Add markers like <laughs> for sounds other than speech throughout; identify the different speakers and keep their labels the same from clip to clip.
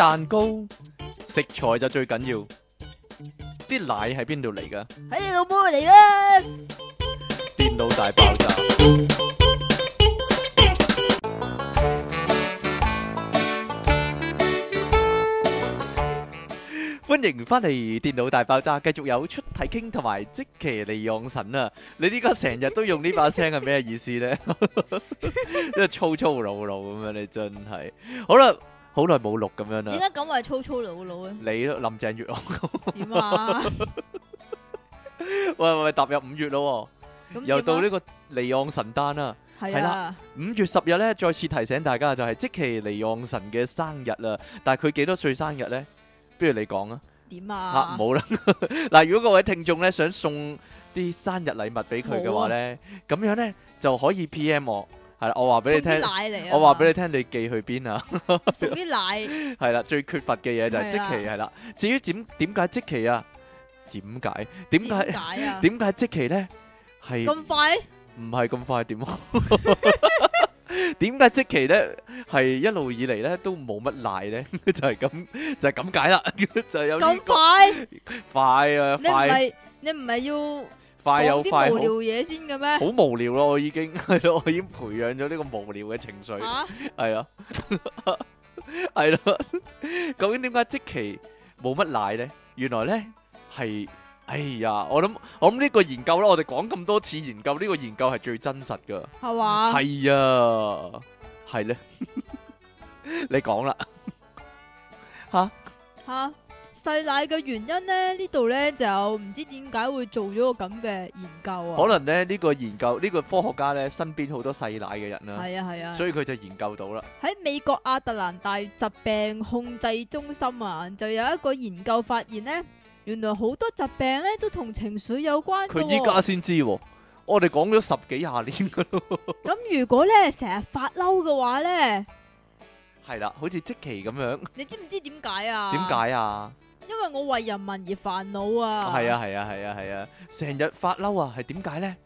Speaker 1: 蛋糕食材就最緊要，啲奶喺邊度嚟噶？
Speaker 2: 喺你老母嚟嘅！
Speaker 1: 電腦大爆炸，歡迎翻嚟！電腦大爆炸，繼續有出體 king 同埋積淇離岸神啊！你呢個成日都用呢把聲係咩意思咧？即係粗粗魯魯咁樣，你真係好啦。好耐冇錄咁樣啦，點解
Speaker 2: 咁話粗粗魯魯
Speaker 1: 咧？你咯，林鄭月娥點啊？喂喂，踏入五月咯，
Speaker 2: 又到呢個
Speaker 1: 離岸神誕啦，係啦，五月十日咧，再次提醒大家就係積淇離岸神嘅生日啦。但係佢幾多歲生日咧？不如你講啊？
Speaker 2: 點啊？啊，
Speaker 1: 冇啦。嗱，如果各位聽眾咧想送啲生日禮物俾佢嘅話咧，咁樣咧就可以 PM 我。係啦，我話俾你聽，我話俾你聽，你寄去邊啊？食啲
Speaker 2: 奶。係
Speaker 1: 啦，最缺乏嘅嘢就係積淇係啦。至於點點解積淇啊？點解？點解？點解積淇咧？係咁快？唔係咁快點啊？點解積淇咧係一路以嚟咧都冇乜奶咧？就係咁就係咁解啦。就係有咁快？快啊！你唔係
Speaker 2: 你唔係要？
Speaker 1: 快有快好無聊
Speaker 2: 嘢先嘅咩？好
Speaker 1: 無聊咯，我已經，我已經培養咗呢個無聊嘅情緒。係啊，係咯。究竟點解積淇冇乜奶咧？原來咧係，哎呀，我諗，我諗呢個研究咧，我哋講咁多次研究，呢個研究係最真實噶。
Speaker 2: 係嘛？係
Speaker 1: 啊，係咧，你講啦，
Speaker 2: 哈，好。細奶嘅原因呢，呢度呢就唔知點解會做咗個咁嘅研究啊？可能
Speaker 1: 呢呢，呢個研究呢，呢個科學家呢，身邊好多細奶嘅人啦，係啊係啊，啊所以佢就研究到啦。
Speaker 2: 喺美國亞特蘭大疾病控制中心啊，就有一個研究發現呢，原來好多疾病呢都同情緒有關。哦，佢依家先
Speaker 1: 知，哦，我哋講咗十幾廿年噶咯。
Speaker 2: 咁 <laughs> 如果呢成日發嬲嘅話呢，
Speaker 1: 係啦，啊，好似積淇咁樣。
Speaker 2: 你知唔知點解啊？點解啊？因為我為人民而煩惱啊！係啊，係
Speaker 1: 啊，係啊，係啊，成日發嬲啊，係點解咧？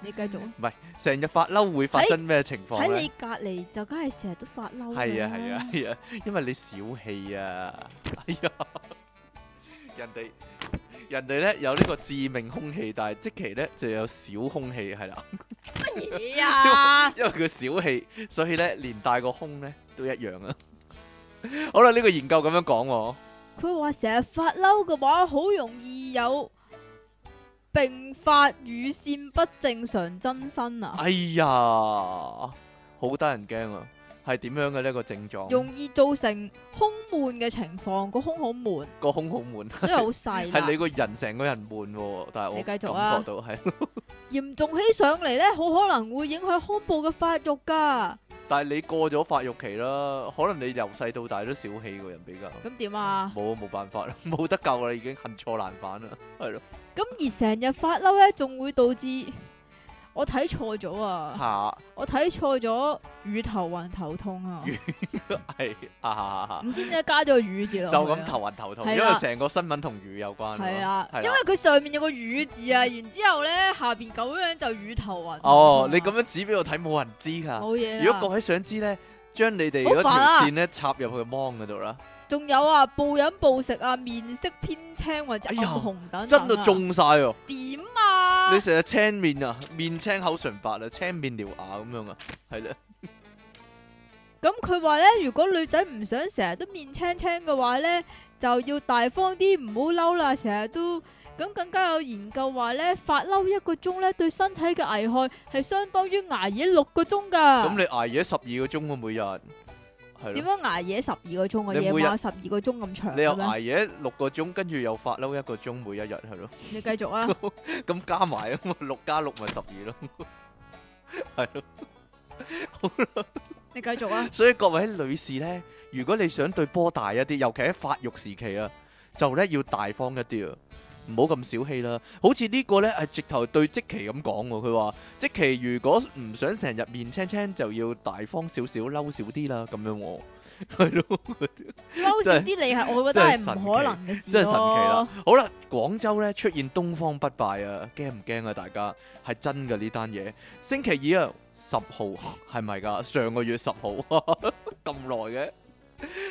Speaker 2: 你繼續。唔
Speaker 1: 係成日發嬲會發生咩情況咧？喺你
Speaker 2: 隔籬就梗係成日都發嬲啦。係啊，係啊，係啊，
Speaker 1: 因為你小氣啊，哎呀，人哋人哋咧有呢個致命胸器，但係即其咧就有小胸器係啦。
Speaker 2: 乜嘢啊？
Speaker 1: 因為佢小氣，所以咧連帶個胸咧都一樣啊。好啦，呢個研究咁樣講。
Speaker 2: 佢話成日發嬲嘅話，好容易有併發乳腺不正常增生啊！
Speaker 1: 哎呀，好得人驚啊！係點樣嘅呢個症狀？容
Speaker 2: 易造成胸悶嘅情況，個胸好悶。
Speaker 1: 個胸好悶，所以好細。係你個人成個人悶，但係我你繼續啊，感覺到係
Speaker 2: 嚴重起上嚟咧，好可能會影響胸部嘅發育㗎。
Speaker 1: 但係你過咗發育期啦，可能你由細到大都小氣個人比較。咁點啊？冇冇辦法啦，冇得救啦，已經恨錯難返啦，係咯。
Speaker 2: 咁而成日發嬲咧，仲會導致。我睇錯咗啊！我睇錯咗，雨頭暈頭痛啊！係 <laughs> 啊，唔
Speaker 1: 知點解加咗個雨字，啊、投投投啦，就咁頭暈頭痛，因為成個新聞同雨有關。係啊啦，啦因為佢
Speaker 2: 上面有個雨字雨啊，然之後咧下邊咁樣就雨頭暈。哦，你
Speaker 1: 咁樣指俾我睇，冇人知噶。冇嘢。如果各位想知咧，將你哋嗰條線咧，啊、插入去芒嗰度啦。
Speaker 2: 仲有啊，暴飲暴食啊，面色偏青或者暗紅等，真係中晒哦。點啊？你成日
Speaker 1: 青面啊，面青口唇白啊，青面獠牙咁樣啊，係啦。
Speaker 2: 咁佢話咧，如果女仔唔想成日都面青青嘅話咧，就要大方啲，唔好嬲啦，成日都咁更加有研究話咧，發嬲一個鐘咧，對身體嘅危害係相當於挨夜六個鐘噶。咁
Speaker 1: 你挨夜十二個鐘啊，每日。點樣
Speaker 2: 挨夜十二個鐘嘅？夜晚十二個鐘咁長咧？你又挨
Speaker 1: 夜六個鐘，跟住又發嬲一個鐘，每一日係咯。你繼續啊！咁加埋啊嘛，六加六咪十二咯，係咯。好
Speaker 2: 啦，你繼續啊！
Speaker 1: 所以各位女士咧，如果你想對波大一啲，尤其喺發育時期啊，就咧要大方一啲啊！唔好咁小氣啦，好似呢個呢係直頭對積淇咁講喎。佢話積淇如果唔想成日面青青，就要大方少少，嬲少啲啦咁樣喎，係咯。嬲
Speaker 2: 少啲，你係我覺得係唔可能嘅事，真係神奇咯。
Speaker 1: 好啦，廣州呢，出現東方不敗啊，驚唔驚啊？大家係真嘅呢單嘢。星期二啊，十號係咪㗎？上個月十號啊，咁耐嘅。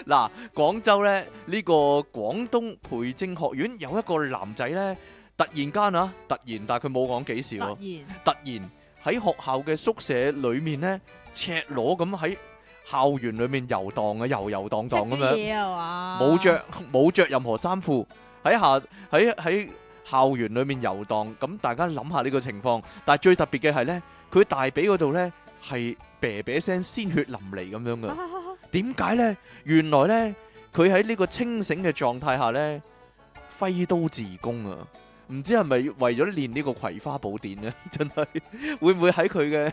Speaker 1: 嗱，廣州咧，呢個廣東培正學院有一個男仔咧，突然間啊，突然，但係佢冇講幾時，突然喺學校嘅宿舍裏面咧，赤裸咁喺校園裏面遊蕩啊，游游蕩蕩咁樣，冇着冇着任何衫褲，喺下喺喺校園裏面遊蕩，咁大家諗下呢個情況，但係最特別嘅係咧，佢大髀嗰度咧。係喋喋聲鮮血淋漓咁樣噶，點解呢？原來呢，佢喺呢個清醒嘅狀態下呢，揮刀自宮啊！唔知係咪為咗練呢個葵花寶典咧？真 <laughs> 係會唔會喺佢嘅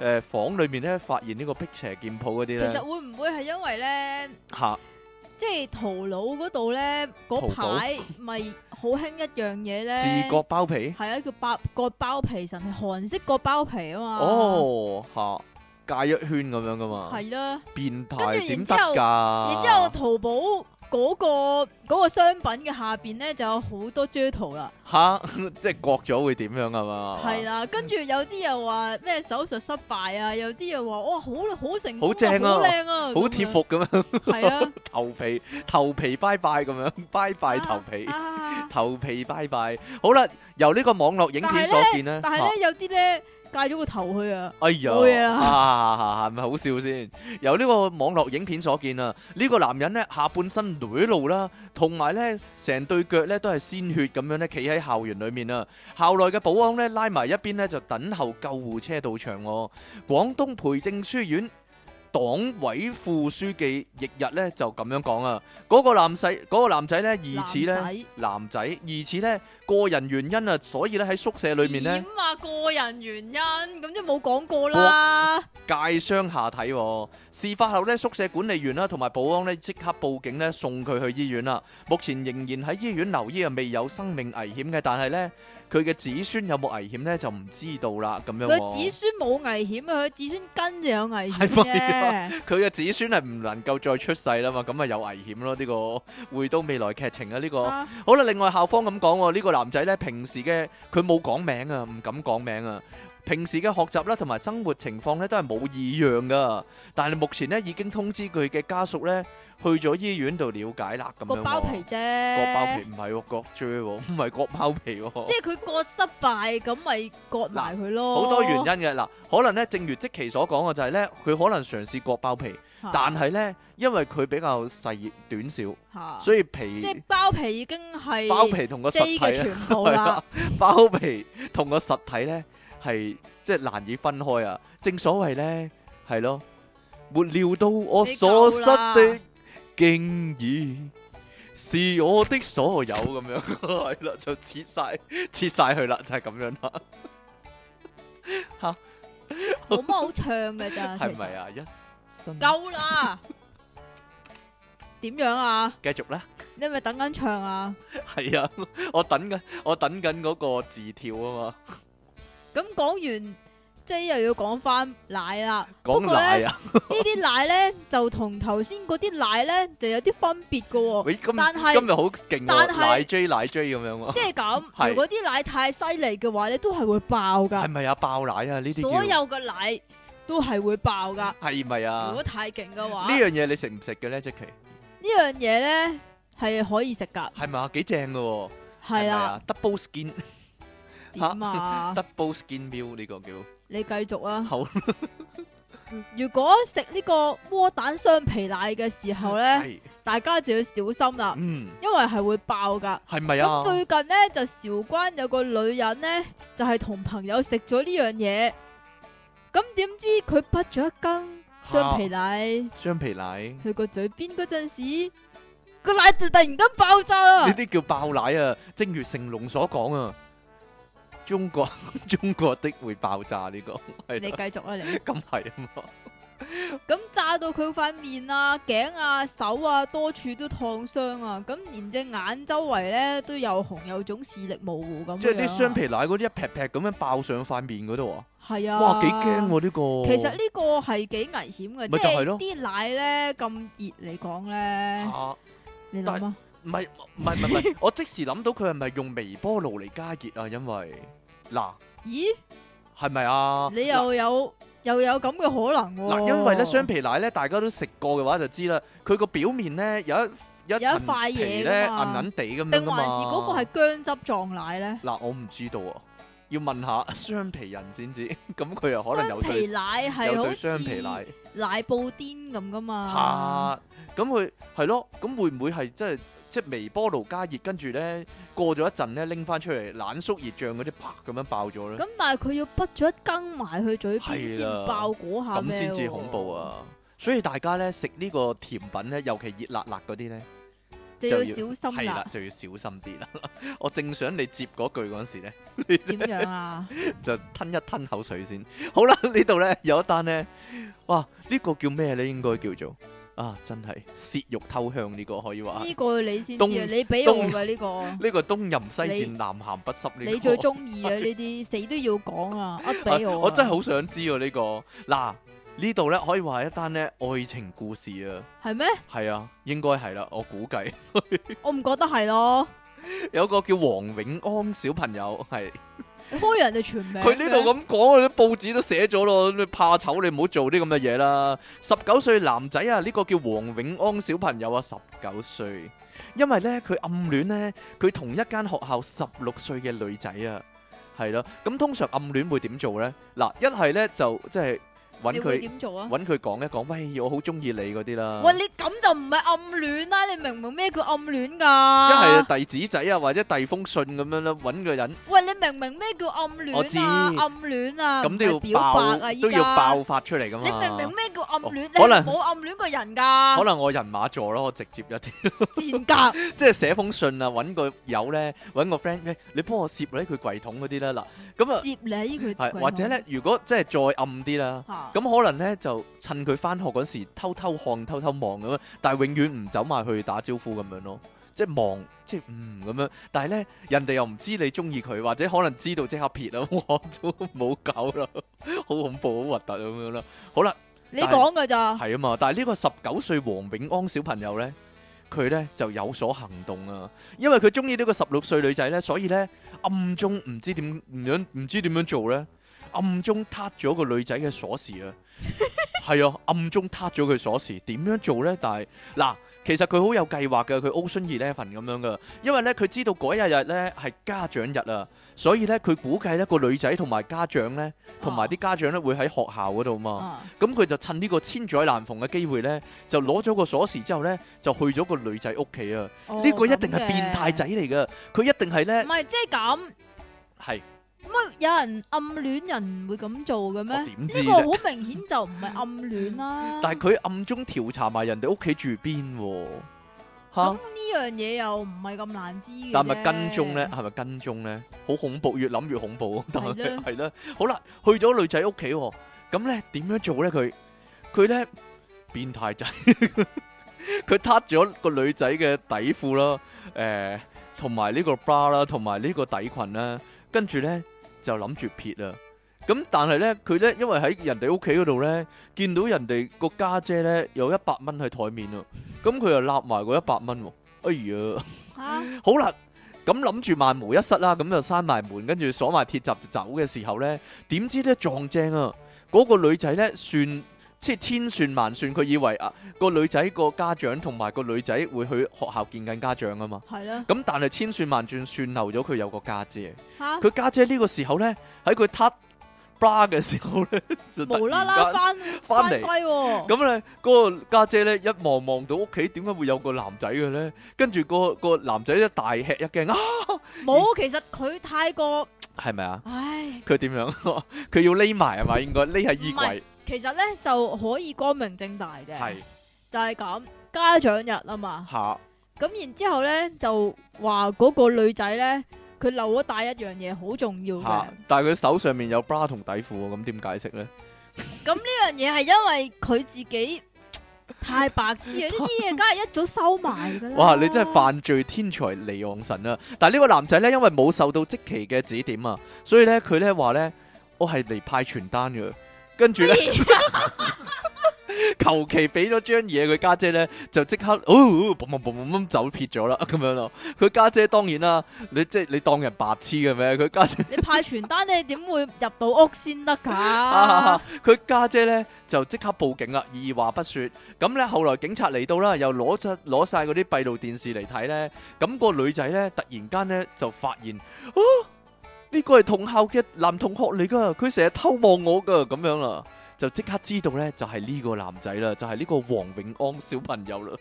Speaker 1: 誒房裏面呢發現個呢個辟邪劍譜嗰啲咧？其實
Speaker 2: 會唔會係因為呢吓？ <laughs> 即係淘寶嗰度咧，嗰排咪好興一樣嘢咧，自割包皮，係啊，叫割割包皮神，係韓式割包皮啊嘛，哦
Speaker 1: 嚇，戒一圈咁樣噶嘛，係啦、啊，變態點得㗎？然之後，然之後
Speaker 2: 淘寶。嗰、嗰個、嗰個商品嘅下邊咧就有好多張圖啦，
Speaker 1: 吓哈 <laughs> 即係割咗會點樣啊嘛？係
Speaker 2: 啦，跟住有啲又話咩手術失敗啊，有啲又話哇好好成功，啊，好正啊，好靚啊，好貼服
Speaker 1: 咁樣，係啊，頭皮頭皮拜拜咁樣，拜拜頭皮，啊啊、頭皮拜拜。好啦，由呢個網絡影片所見咧，但係咧
Speaker 2: 有啲咧。啊戒咗個頭去啊！哎呀呦，係咪、
Speaker 1: 啊啊、好笑先？由呢個網絡影片所見啊，呢、這個男人咧下半身裸露啦，同埋呢成對腳呢都係鮮血咁樣咧，企喺校園裏面啊。校內嘅保安呢拉埋一邊呢就等候救護車到場、啊。廣東培正書院。黨委副書記翌日咧就咁樣講啊，嗰個男仔嗰個男仔咧疑似咧男仔，疑似咧個人原因啊，所以咧喺宿舍裏面咧。
Speaker 2: 點話個人原因咁即冇講過啦，
Speaker 1: 界傷下體喎。事發後咧，宿舍管理員啦，同埋保安咧，即刻報警咧，送佢去醫院啦。目前仍然喺醫院留醫啊，未有生命危險嘅。但係咧，佢嘅子孫有冇危險咧，就唔知道啦。咁樣子，佢子
Speaker 2: 孫冇危險啊，佢子孫跟住有危險。
Speaker 1: 佢嘅子孫係唔能夠再出世啦嘛，咁啊有危險咯。呢個回到未來劇情啊，呢個，啊，好啦。另外校方咁講，呢個男仔咧，平時嘅佢冇講名啊，唔敢講名啊。平時嘅學習啦，同埋生活情況咧，都係冇異樣噶。但係目前咧，已經通知佢嘅家屬咧，去咗醫院度了解啦。咁樣。割包皮
Speaker 2: 啫。割包皮
Speaker 1: 唔係喎，割錐喎，唔係割包皮喎。即係
Speaker 2: 佢割失敗，咁咪割埋佢咯。好多原因
Speaker 1: 嘅嗱，可能咧，正如積淇所講嘅就係咧，佢可能嘗試割包皮，但係咧，因為佢比較細短小，所以皮即係
Speaker 2: 包皮已經係包皮同個實體嘅全部啦。包皮
Speaker 1: 同個實體咧。係即係難以分開啊！正所謂咧，係咯，沒料到我所失的，竟已是我的所有咁樣。係啦，就切晒，切晒佢啦，就係咁樣啦。
Speaker 2: 吓，冇乜好唱噶咋？係咪啊？一夠啦？點樣啊？繼續咧！你係咪等緊唱啊？
Speaker 1: 係啊，我等緊，我等緊嗰個字條啊嘛。
Speaker 2: 咁講完，即係又要講翻奶啦。講奶呢啲奶咧就同頭先嗰啲奶咧就有啲分別噶。咦，但日今日好勁，奶 J
Speaker 1: 奶 J 咁樣啊！即係咁，如果啲
Speaker 2: 奶太犀利嘅話咧，都係會爆噶。係
Speaker 1: 咪啊？爆奶啊！呢啲所有
Speaker 2: 嘅奶都係會爆噶。係咪啊？如果太勁嘅話，呢
Speaker 1: 樣嘢你食唔食嘅咧，即 a
Speaker 2: 呢樣嘢咧係可以食噶。
Speaker 1: 係嘛，幾正噶？係啊，Double Skin。吓嘛、啊、 <laughs> ？Double skin milk 呢個叫
Speaker 2: 你繼續啊！好， <laughs> 如果食呢個窩蛋雙皮奶嘅時候咧， <laughs> 大家就要小心啦。嗯，因為係會爆噶，係咪啊、嗯？咁最近咧就韶關有個女人咧，就係、是、同朋友食咗呢樣嘢，咁點知佢滗咗一羹雙皮奶，
Speaker 1: 雙、啊、皮奶
Speaker 2: 佢個嘴邊嗰陣時，個奶就突然間爆炸啦！呢啲
Speaker 1: 叫爆奶啊！正如成龍所講啊！中國中國的會爆炸呢個，你繼續啊你。咁係啊嘛，
Speaker 2: 咁炸到佢塊面啊、頸啊、手啊多處都燙傷啊，咁連隻眼周圍咧都有紅，有腫視力模糊咁。即係啲雙皮
Speaker 1: 奶嗰啲一劈劈咁樣爆上塊面嗰度啊。
Speaker 2: 係啊，哇，幾驚喎呢
Speaker 1: 個。其實個呢
Speaker 2: 個係幾危險嘅，即係啲奶咧咁熱嚟講咧。吓、啊，你諗下、啊。
Speaker 1: 唔係唔係唔係，我即時諗到佢係咪用微波爐嚟加熱啊？因為嗱，咦，係咪啊？你
Speaker 2: 又有啦又有咁嘅可能喎、啊？嗱，因為咧
Speaker 1: 雙皮奶咧大家都食過嘅話就知啦，佢個表面咧有一有一層皮有一塊皮咧硬硬地咁，噶嘛，定還是嗰個係
Speaker 2: 薑汁撞奶咧？
Speaker 1: 嗱，我唔知道啊，要問下雙皮人先知。咁佢又可能有雙皮奶係好似雙皮奶
Speaker 2: 奶布甸咁噶嘛？啊。
Speaker 1: 咁佢係咯，咁、嗯嗯嗯、會唔會係即係即微波爐加熱，跟住咧過咗一陣咧拎翻出嚟冷縮熱漲嗰啲，啪、呃、咁樣爆咗咧？咁
Speaker 2: 但係佢要畢咗一羹埋去嘴邊先爆嗰下咩？咁先至恐
Speaker 1: 怖啊！所以大家咧食呢個甜品咧，尤其熱辣辣嗰啲咧，
Speaker 2: 就要小心啦。就要，啦
Speaker 1: 就要小心啲啦！ <laughs> 我正想你接嗰句嗰時咧，點 <laughs> 呢樣啊？ <laughs> 就吞一吞口水先。好啦，呢度咧有一單咧，哇！呢、呢個叫咩咧？應該叫做。啊，真係竊玉偷香呢、這個可以話，呢個你先知，東你俾我嘅呢東、這個，呢 <laughs> 個東淫西賤南鹹不濕呢、這個、你，你最中意啊，
Speaker 2: 呢啲， <laughs> 死都要講啊，一俾我、啊啊，我真係好想
Speaker 1: 知哦呢、啊這個，嗱呢度咧可以話係一單咧愛情故事啊，係咩嗎？係啊，應該係啦，我估計， <laughs>
Speaker 2: 我唔覺得係咯，
Speaker 1: <laughs> 有個叫黃永安小朋友係。
Speaker 2: 開人哋全名，佢呢度
Speaker 1: 咁講，佢啲報紙都寫咗咯，你怕醜你唔好做啲咁嘅嘢啦。十九歲男仔啊，呢個叫黃永安小朋友啊，十九歲，因為呢，佢暗戀呢，佢同一間學校十六歲嘅女仔啊，係咯，咁通常暗戀會點做呢？嗱，一係呢，就即係。就是揾佢點做啊？揾佢講一講，喂，我好中意你嗰啲啦。喂，你
Speaker 2: 咁就唔係暗戀啦？你明唔明咩叫暗戀㗎？一係
Speaker 1: 遞紙仔啊，或者遞封信咁樣啦，揾個人。
Speaker 2: 喂，你明唔明咩叫暗戀啊？暗戀啊，咁都要表白啊，都要爆發
Speaker 1: 出嚟㗎嘛？你明唔明咩
Speaker 2: 叫暗戀？可能冇暗戀個人㗎。可能
Speaker 1: 我人馬座咯，我直接一啲賤格。即係寫封信啊，揾個友咧，揾個 friend 嘅，你幫我攝喺佢櫃桶嗰啲啦，嗱，咁啊，攝喺
Speaker 2: 佢或者咧，
Speaker 1: 如果即係再暗啲啦。咁可能咧就趁佢翻學嗰時偷偷看偷偷望咁樣，但係永遠唔走埋去打招呼咁樣咯，即係望即係嗯咁樣，但係咧人哋又唔知你中意佢，或者可能知道即刻撇啦，我都冇搞啦，好恐怖好核突咁樣啦。好啦，
Speaker 2: 你講噶咋？係
Speaker 1: 啊！嘛，但係呢個十九歲黃永安小朋友咧，佢咧就有所行動啊，因為佢中意呢個十六歲女仔咧，所以咧暗中唔知點唔樣唔知點樣做咧。暗中撻咗個女仔嘅鎖匙啊，係啊，暗中撻咗佢鎖匙，點樣做咧？但係嗱，其實佢好有計劃嘅，佢 Ocean Eleven 咁樣噶因為咧佢知道嗰一日咧係家長日啊，所以咧佢估計咧個女仔同埋家長咧，同埋啲家長咧會喺學校嗰度嘛，咁佢就趁呢個千載難逢嘅機會咧，就攞咗個鎖匙之後咧，就去咗個女仔屋企啊，
Speaker 2: 呢個一定係變
Speaker 1: 態仔嚟噶，佢一定係咧，
Speaker 2: 唔係即係咁，
Speaker 1: 係。
Speaker 2: 乜有人暗戀人唔會咁做嘅咩？我點知，呢個好明顯就唔係暗戀啦。 <laughs>
Speaker 1: 但係佢暗中調查埋人哋屋企住邊，啊，吓？咁
Speaker 2: 呢樣嘢，又唔係咁難知嘅。但係跟蹤咧，
Speaker 1: 係咪跟蹤咧？好恐怖，越諗越恐怖。但係啦，係啦的。好啦，去咗女仔屋企，咁咧點樣做咧？佢佢咧變態仔，佢撻咗個女仔嘅底褲啦，誒、呃，同埋呢個 bra 啦，同埋呢個底裙啦，跟住咧。就諗住撇啦，咁但係呢，佢呢因為喺人哋屋企嗰度呢，見到人哋個家姐呢有一百蚊喺台面啊，咁佢就揦埋嗰一百蚊，哎呀，好啦，咁諗住萬無一失啦，咁就閂埋門，跟住鎖埋鐵閘就走嘅時候呢，點知呢撞正啊，嗰個女仔呢算。即千算萬算，佢以為啊個女仔個家長同埋個女仔會去學校見緊家長啊嘛。係啦的。咁但係千算萬算，算漏咗佢有個家姐，姐。吓哈！佢家姐呢個時候咧，喺佢撻 bra 嘅時候咧， <laughs> 就無啦啦翻翻嚟，哦。咁咧，嗰，那個姐姐呢一看一看家姐咧一望望到屋企，點解會有個男仔嘅咧？跟住，那個個男仔一大吃一驚啊！
Speaker 2: 冇，其實佢太過係咪啊？唉，
Speaker 1: 佢點怎樣？佢 <laughs> 要匿埋係咪應該匿喺衣櫃。 <laughs>
Speaker 2: 其實咧就可以光明正大嘅，是就係咁家長日啊嘛。吓咁、啊、然之後咧就話嗰個女仔咧，佢漏咗帶一樣嘢，好重要嘅、啊。
Speaker 1: 但係佢手上面有 bra 同底褲，咁點解釋咧？
Speaker 2: 咁呢、嗯、樣嘢係因為佢自己太白痴啊！呢啲嘢梗係一早收埋噶
Speaker 1: 啦。哇！你真係犯罪天才離岸神啊！但係呢個男仔咧，因為冇受到積淇嘅指點啊，所以咧佢咧話咧，我係嚟派傳單嘅。跟住咧，求其俾咗張嘢佢家姐咧，就即刻，哦，嘣嘣嘣嘣嘣走撇咗啦，咁樣咯。佢家姐，姐當然啦，你即係你當人白痴嘅咩？佢家姐，
Speaker 2: 姐，你派傳單 <laughs> 你點會入到屋先得噶？
Speaker 1: 佢家、 <laughs> 啊、姐咧就即刻報警啦，二話不說。咁、嗯、咧後來警察嚟到啦，又攞咗攞晒嗰啲閉路電視嚟睇咧，咁、那個女仔咧突然間咧就發現，啊、哦！呢個係同校嘅男同學嚟㗎，佢成日偷望我㗎，咁樣啦，就即刻知道呢，就係呢個男仔啦，就係呢個黃永安小朋友啦。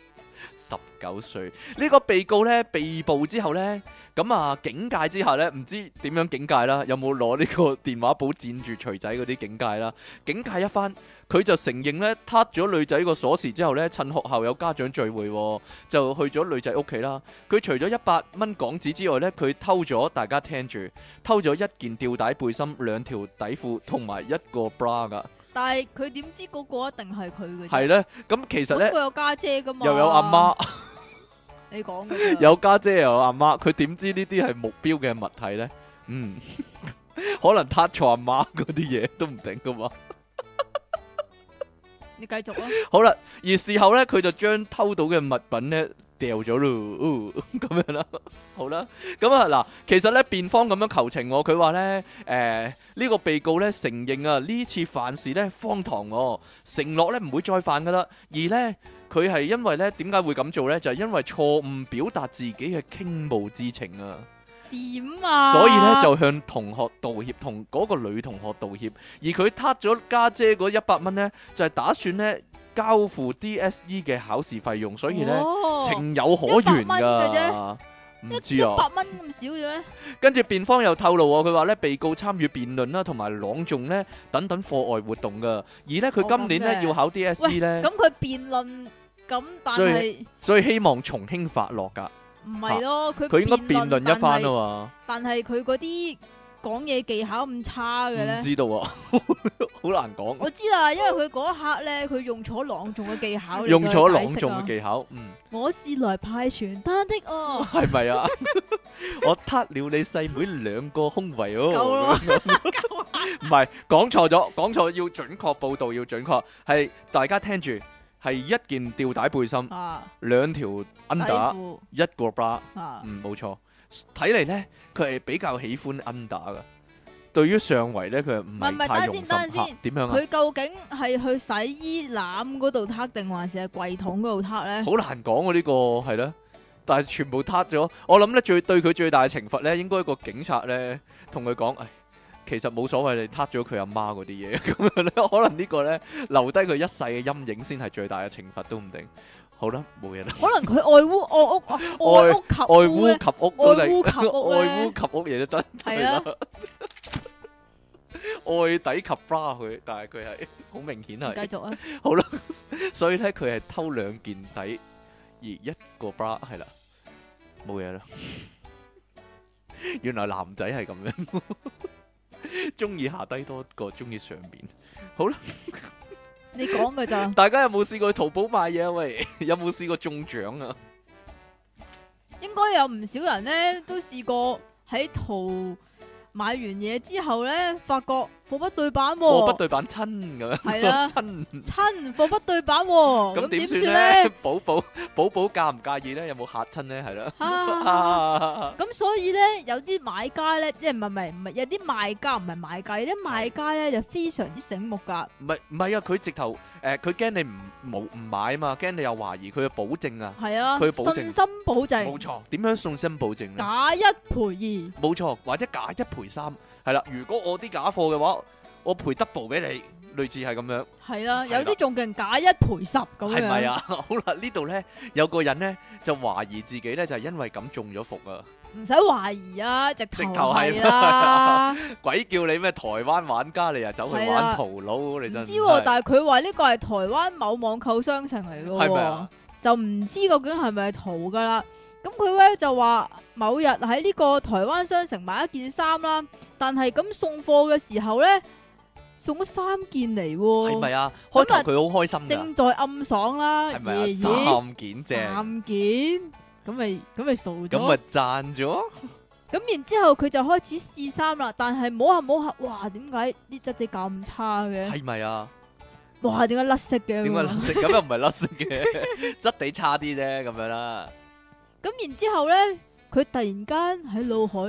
Speaker 1: 十九歲呢個被告咧，被捕之後咧，咁啊警戒之下咧，唔知點樣警戒啦，有冇攞呢個電話簿佔住錘仔嗰啲警戒啦？警戒一番，佢就承認咧，撻咗女仔個鎖匙之後咧，趁學校有家長聚會，哦，就去咗女仔屋企啦。佢除咗一百蚊港紙之外咧，佢偷咗大家聽住，偷咗一件吊帶背心，兩條底褲同埋一個 bra 噶。
Speaker 2: 但係佢點知嗰個一定係佢嘅？係咧，
Speaker 1: 咁其實咧，又
Speaker 2: 有家姐、 <laughs> 就是、姐噶嘛，又有阿媽。你
Speaker 1: 講有家姐又有阿媽，佢點知呢啲係目標嘅物體咧？嗯， <laughs> 可能 touch 錯、er、阿媽嗰啲嘢都唔定噶嘛。 <laughs> 你
Speaker 2: 繼續啊！ <laughs> 好
Speaker 1: 啦，而事後咧，佢就將偷到嘅物品咧。掉咗咯，咁、哦、 <laughs> 樣啦，好啦，咁啊嗱，其實咧，辯方咁樣求情、哦，佢話咧，誒、呃，呢、這個被告咧承認啊次呢次犯事咧荒唐哦，承諾咧唔會再犯噶啦，而咧佢係因為咧點解會咁做咧？就係、是、因為錯誤表達自己嘅傾慕之情啊，
Speaker 2: 點啊？所以咧就
Speaker 1: 向同學道歉，同嗰個女同學道歉，而佢撻咗家姐嗰一百蚊咧，就係、是、打算咧。交付 DSE 嘅考試費用，所以咧哇情有可原噶，唔知啊，一百
Speaker 2: 蚊咁少嘅咩？
Speaker 1: 跟住辯方又透露，佢話咧被告參與辯論啦，同埋朗誦咧等等課外活動噶，而呢，佢今年咧、哦、要考 DSE 咧，咁
Speaker 2: 佢辯論咁，但係所，
Speaker 1: 所以希望從輕發落噶，
Speaker 2: 唔係咯，佢佢應該辯論一番啊嘛？但係佢嗰啲。講嘢技巧咁差嘅咧？唔知
Speaker 1: 道，好難講。我
Speaker 2: 知啦，因為佢嗰一刻咧，佢用咗朗誦嘅技巧。用咗朗誦嘅技巧，嗯。我是來派傳單的哦。係
Speaker 1: 咪啊？我撻了你細妹兩個胸圍哦。夠
Speaker 2: 啦。
Speaker 1: 唔係，講錯咗，講錯要準確報道，要準確。係大家聽住，係一件吊帶背心，兩條 under，一個 b r 嗯，冇錯。睇嚟咧，佢係比較喜歡 under 噶。對於上圍咧，佢又唔係太用心。等陣先、等陣先。點樣啊？佢
Speaker 2: 究竟係去洗衣籃嗰度撻定還是喺櫃桶嗰度撻咧？好難
Speaker 1: 講啊！呢、呢個係啦，但係全部撻咗。我諗咧，最對佢最大嘅懲罰咧，應該個警察咧同佢講，唉、哎，其實冇所謂，你撻咗佢阿媽嗰啲嘢咁樣咧。 <laughs> 可能個呢個咧留低佢一世嘅陰影，先係最大嘅懲罰都唔定。好啦，冇嘢啦。可
Speaker 2: 能佢愛屋、愛屋、愛屋及烏、愛屋及烏、愛屋及烏
Speaker 1: 嘢都得係啦。愛底及 bra 佢，但係佢係好明顯係。繼續啊！好啦，所以咧佢係偷兩件底而一個 bra 係啦，冇嘢啦。原來男仔係咁樣，中意下低多過中意上邊。好啦。
Speaker 2: 你講嘅咋？
Speaker 1: 大家有冇試過去淘寶買嘢啊？喂，有冇試過中獎啊？
Speaker 2: 應該有唔少人咧都試過喺淘買完嘢之後咧，發覺。貨不對版，貨不
Speaker 1: 對版親咁樣，親
Speaker 2: 親貨不對版。咁點算咧？
Speaker 1: 寶寶寶寶介唔介意咧？有冇吓親咧？係咯。啊！
Speaker 2: 咁所以咧，有啲買家咧，即係唔係唔係，有啲賣家唔係買家，有啲賣家咧就非常之醒目噶。
Speaker 1: 唔係唔係啊！佢直頭誒，佢驚你唔冇唔買啊嘛，驚你又懷疑佢嘅保證啊。係啊，佢嘅信心
Speaker 2: 保證。冇錯。
Speaker 1: 點樣信心保證咧？假
Speaker 2: 一賠二。
Speaker 1: 冇錯，或者假一賠三。係啦，如果我啲假貨嘅話，我賠 double 俾你，類似係咁樣。
Speaker 2: 係啦、啊，啊、有啲仲勁假一賠十咁樣。係咪啊？
Speaker 1: <laughs> 好啦，呢度咧有個人咧就懷疑自己咧就係、因為咁中咗伏啊！唔
Speaker 2: 使懷疑啊，直頭係啦。
Speaker 1: <laughs> 鬼叫你咩台灣玩家，你又走去玩淘佬，啊、你真唔知、啊。但係
Speaker 2: 佢話呢個係台灣某網購商城嚟嘅，係咪啊，就唔知究竟係咪係淘噶啦。咁佢咧就話某日喺呢個台灣商城買一件衫啦，但係咁送貨嘅時候咧送咗三件嚟喎。係咪啊？開頭佢好開心噶，正在暗爽啦。係咪啊？三
Speaker 1: 件正，三
Speaker 2: 件咁咪咁咪傻咗，咁咪賺咗。咁然之後佢就開始試衫啦，但係摸下摸下，哇！點解啲質地咁差嘅？係
Speaker 1: 咪啊？哇！點
Speaker 2: 解甩色嘅？點解甩色？咁
Speaker 1: 又唔係甩色嘅，質地差啲啫，咁樣啦。
Speaker 2: 咁然之後咧，佢突然間喺腦海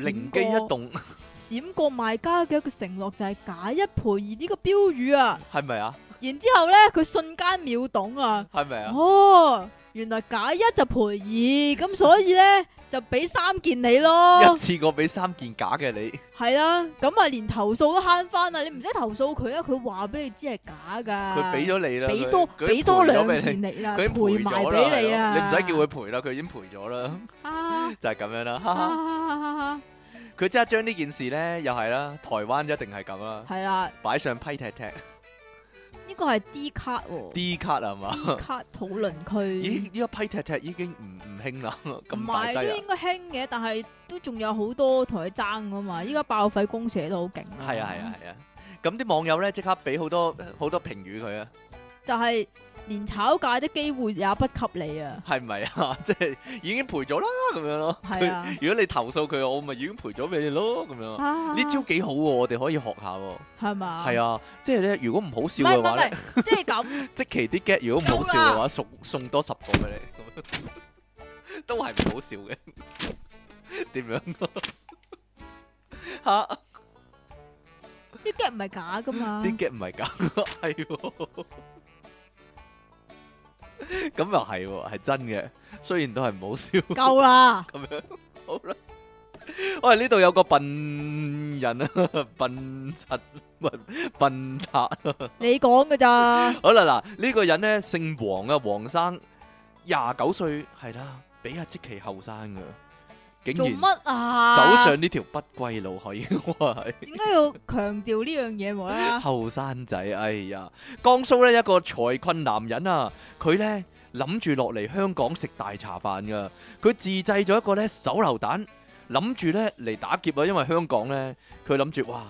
Speaker 2: 靈機一動， <laughs> 閃過賣家嘅一個承諾就係假一賠二呢個標語啊，係咪啊？然之後咧，佢瞬間秒懂啊，係咪啊？哦。原來假一就賠二，咁所以咧就俾三件你咯，一
Speaker 1: 次過俾三件假嘅你，
Speaker 2: 係啦，咁啊連投訴都慳翻啦，你唔使投訴佢啦，佢話俾你知係假噶，佢俾咗你啦，俾多俾多兩件你啦，佢賠埋俾你啊，你唔使叫
Speaker 1: 佢賠啦，佢已經賠咗啦，就係咁樣啦，佢即刻將呢件事咧又係啦，台灣一定係咁啦，係啦，擺上批踢踢。
Speaker 2: 呢個係 D 卡喎，哦、D
Speaker 1: 卡係嘛？D 卡
Speaker 2: 討論區。依依
Speaker 1: 一批踢踢已經唔唔興啦，咁，這個，大劑啊！應
Speaker 2: 該興嘅，但係都仲有好多同佢爭噶嘛。依家爆廢公社都好勁。
Speaker 1: 係啊係啊係啊！咁啲，啊、網友咧即刻俾好多好多評語佢啊。
Speaker 2: 就係，是。連炒價的機會也不給你啊！
Speaker 1: 係咪啊？即係已經賠咗啦，咁樣咯。係、啊、如果你投訴佢，我咪已經賠咗俾你咯，咁樣。呢、啊啊、招幾好喎，我哋可以學下。
Speaker 2: 係嘛吧？係啊，
Speaker 1: 即係咧，如果唔好笑嘅話咧，就
Speaker 2: 是、 <laughs> 即係咁。即
Speaker 1: 期啲 get 如果唔好笑嘅話了送送多十個俾你，咁 <laughs> 都係唔好笑嘅。點 <laughs> 樣、啊？
Speaker 2: 吓？啲 get 唔係假噶嘛？啲 get 唔
Speaker 1: 係假，係。 <laughs> <laughs> 咁又係喎，係 <laughs> 真嘅，雖然都係唔好笑。夠啦了，咁 <laughs> 樣好啦。我哋呢度有個笨人、 <laughs> 笨柒、笨笨柒 <laughs>
Speaker 2: 你講嘅咋？ <laughs>
Speaker 1: 好啦，嗱、呢、呢個人咧姓黃啊，黃生廿九歲，係啦，比阿積淇後生嘅。做乜啊？
Speaker 2: 走上
Speaker 1: 呢條不歸路。可 <laughs> 以，我係。點解
Speaker 2: 要強調呢樣嘢冇咧？
Speaker 1: 後生仔，哎呀，江蘇呢一個財困男人啊，佢呢，諗住落嚟香港食大茶飯噶，佢自製咗一個呢手榴彈，諗住呢嚟打劫啊，因為香港呢，佢諗住哇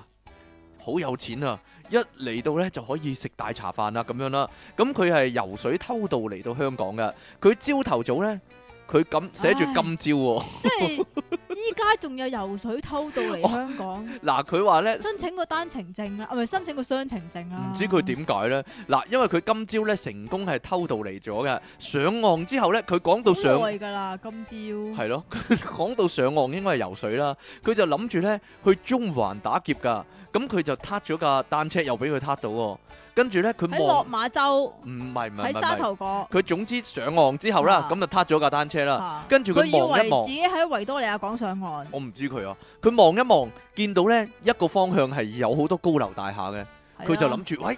Speaker 1: 好有錢啊，一嚟到呢就可以食大茶飯啦咁樣啦。咁佢係游水偷渡嚟到香港噶，佢朝頭早呢。佢咁寫住今朝喎、
Speaker 2: 哦哎，即係依家仲有游水偷渡嚟香港。
Speaker 1: 嗱、 <laughs> 哦，佢話咧申
Speaker 2: 請個單程證啦，唔係申請個雙程證啦。唔
Speaker 1: 知佢點解咧？嗱，因為佢今朝咧成功係偷渡嚟咗嘅，上岸之後咧佢講到上好
Speaker 2: 耐㗎啦，今朝係
Speaker 1: 咯， <laughs> <laughs> 講到上岸應該係游水啦，佢就諗住咧去中環打劫㗎。咁佢、嗯、就撻咗架單車，又俾佢撻到喎、哦。跟住咧，佢喺落馬洲，唔係唔係喺沙頭角。佢總之上岸之後啦，咁、啊、就撻咗架單車啦。跟住佢以為自
Speaker 2: 己喺維多利亞港上岸。我
Speaker 1: 唔知佢啊，佢望一望，見到咧一個方向係有好多高樓大廈嘅，佢的就諗住喂。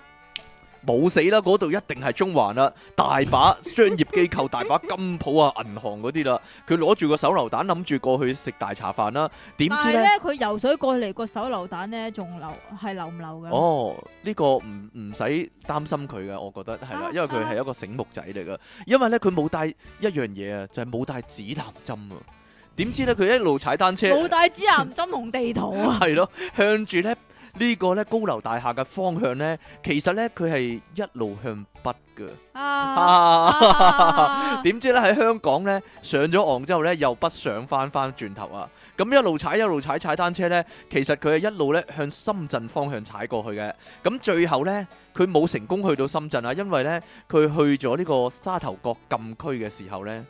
Speaker 1: 冇死啦，嗰度一定係中環啦，大把商業機構、 <laughs> 大把金鋪啊、銀行嗰啲啦。佢攞住個手榴彈，諗住過去食大茶飯啦。點知咧，
Speaker 2: 佢游水過嚟個手榴彈咧，仲留係留唔留嘅？流
Speaker 1: 流哦，呢、呢個唔唔使擔心佢嘅，我覺得係啦，因為佢係一個醒目仔嚟嘅。因為咧，佢冇帶一樣嘢啊，就係、係、冇帶指南針啊。點知咧，佢一路踩單車，冇
Speaker 2: 帶指南針同地圖。
Speaker 1: 係咯，向住咧。呢個咧，高樓大廈嘅方向呢，其實呢，佢係一路向北嘅，啊。點 <laughs> 知咧喺香港呢，上咗岸之後呢，又不想返返轉頭啊！咁一路踩一路踩踩單車呢，其實佢係一路咧向深圳方向踩過去嘅。咁最後呢，佢冇成功去到深圳啊，因為呢，佢去咗呢個沙頭角禁區嘅時候呢。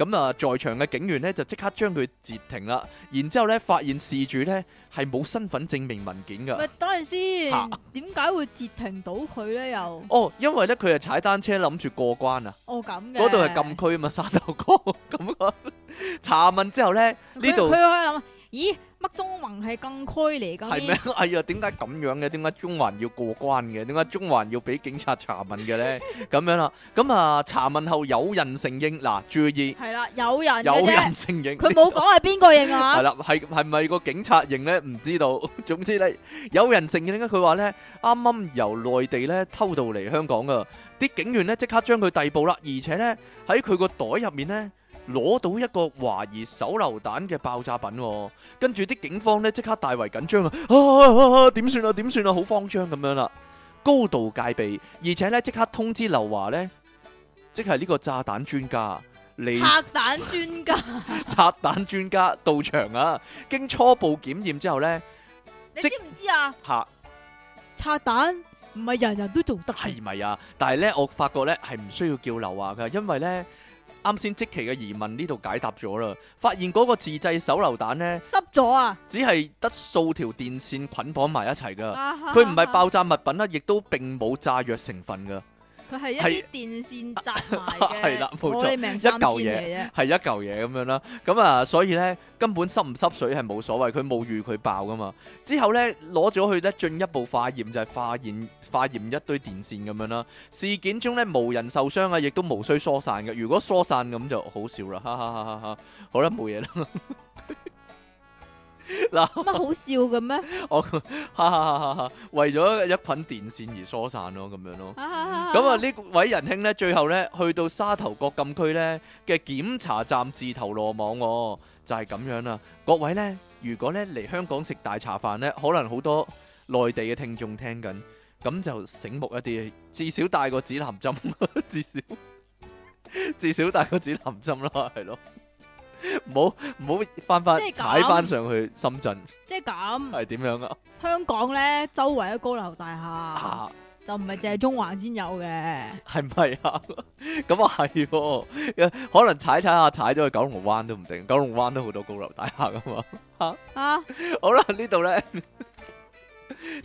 Speaker 1: 咁啊、嗯，在場嘅警員咧就即刻將佢截停啦，然之後咧發現事主咧係冇身份證明文件噶。喂，
Speaker 2: 等陣先，點解會截停到佢咧？又
Speaker 1: 哦，因為咧佢係踩單車諗住過關啊。
Speaker 2: 哦，咁嘅嗰度係禁
Speaker 1: 區啊嘛，沙頭角咁樣。 <laughs> 查問之後咧，呢度佢佢
Speaker 2: 諗咦。乜中環係禁區嚟噶？係咩？哎
Speaker 1: 呀？點解咁樣嘅？點解中環要過關嘅？點解中環要俾警察查問嘅咧？咁樣啦。咁啊，查問後有人承認。嗱，注意係啦，
Speaker 2: 有人有人
Speaker 1: 承認，佢冇講
Speaker 2: 係邊個認啊？係
Speaker 1: 啦，係係咪個警察認咧？唔知道。總之咧，有人承認啦。點解佢話咧，啱啱由內地咧偷渡嚟香港噶，啲警員咧即刻將佢逮捕啦，而且咧喺佢個袋入面咧。攞到一個懷疑手榴彈嘅爆炸品。哦，跟住啲警方呢即刻大為緊張啊！點算啊？點算啊？好慌張咁樣啦，高度戒備，而且呢即刻通知劉華呢，即係呢個炸彈專家。嚟。拆
Speaker 2: 彈專家，
Speaker 1: 拆彈專家到場啊！經初步檢驗之後呢，你
Speaker 2: 知唔知啊？
Speaker 1: 吓刻，
Speaker 2: 拆彈唔係人人都做得係
Speaker 1: 咪啊？但係呢，我發覺呢係唔需要叫劉華噶，因為呢。啱先積淇嘅疑問呢度解答咗啦，發現嗰個自製手榴彈呢，濕咗啊，只係得數條電線捆綁埋一齊噶，佢唔係爆炸物品啦， <laughs> 亦都並冇炸藥成分噶。
Speaker 2: 佢係一啲電線紮埋嘅，
Speaker 1: 係啦冇錯，你一嚿嘢啫，係一嚿嘢咁樣啦。咁啊，所以咧根本濕唔濕水係冇所謂，佢冇預佢爆噶嘛。之後咧攞咗去咧進一步化驗，就係、是、化驗化驗一堆電線咁樣啦。事件中咧無人受傷啊，亦都無需疏散嘅。如果疏散咁就好笑啦，哈，哈哈哈！好啦，冇嘢啦。嗱，乜 <laughs>
Speaker 2: 好笑嘅咩？
Speaker 1: 我哈哈哈，為咗一捆電線而疏散咯，咁樣咯。
Speaker 2: 咁啊，
Speaker 1: 呢位仁兄呢，最後呢，去到沙頭角禁區呢嘅檢查站自投羅網，就係咁樣啦。各位呢，如果呢，嚟香港食大茶飯呢，可能好多內地嘅聽眾聽緊，咁就醒目一啲，至少帶個指南針， <laughs> 至少 <laughs> 至少帶個指南針咯，係咯。唔好唔好翻翻踩翻上去深圳，
Speaker 2: 即係咁係點樣啊？香港咧周圍都高樓大廈，就唔係淨係中環先有嘅，
Speaker 1: 係唔係啊？咁 <laughs> 啊係，可能踩踩下踩咗去九龍灣都唔定，九龍灣都好多高樓大廈噶嘛吓吓，啊啊、好啦呢度咧。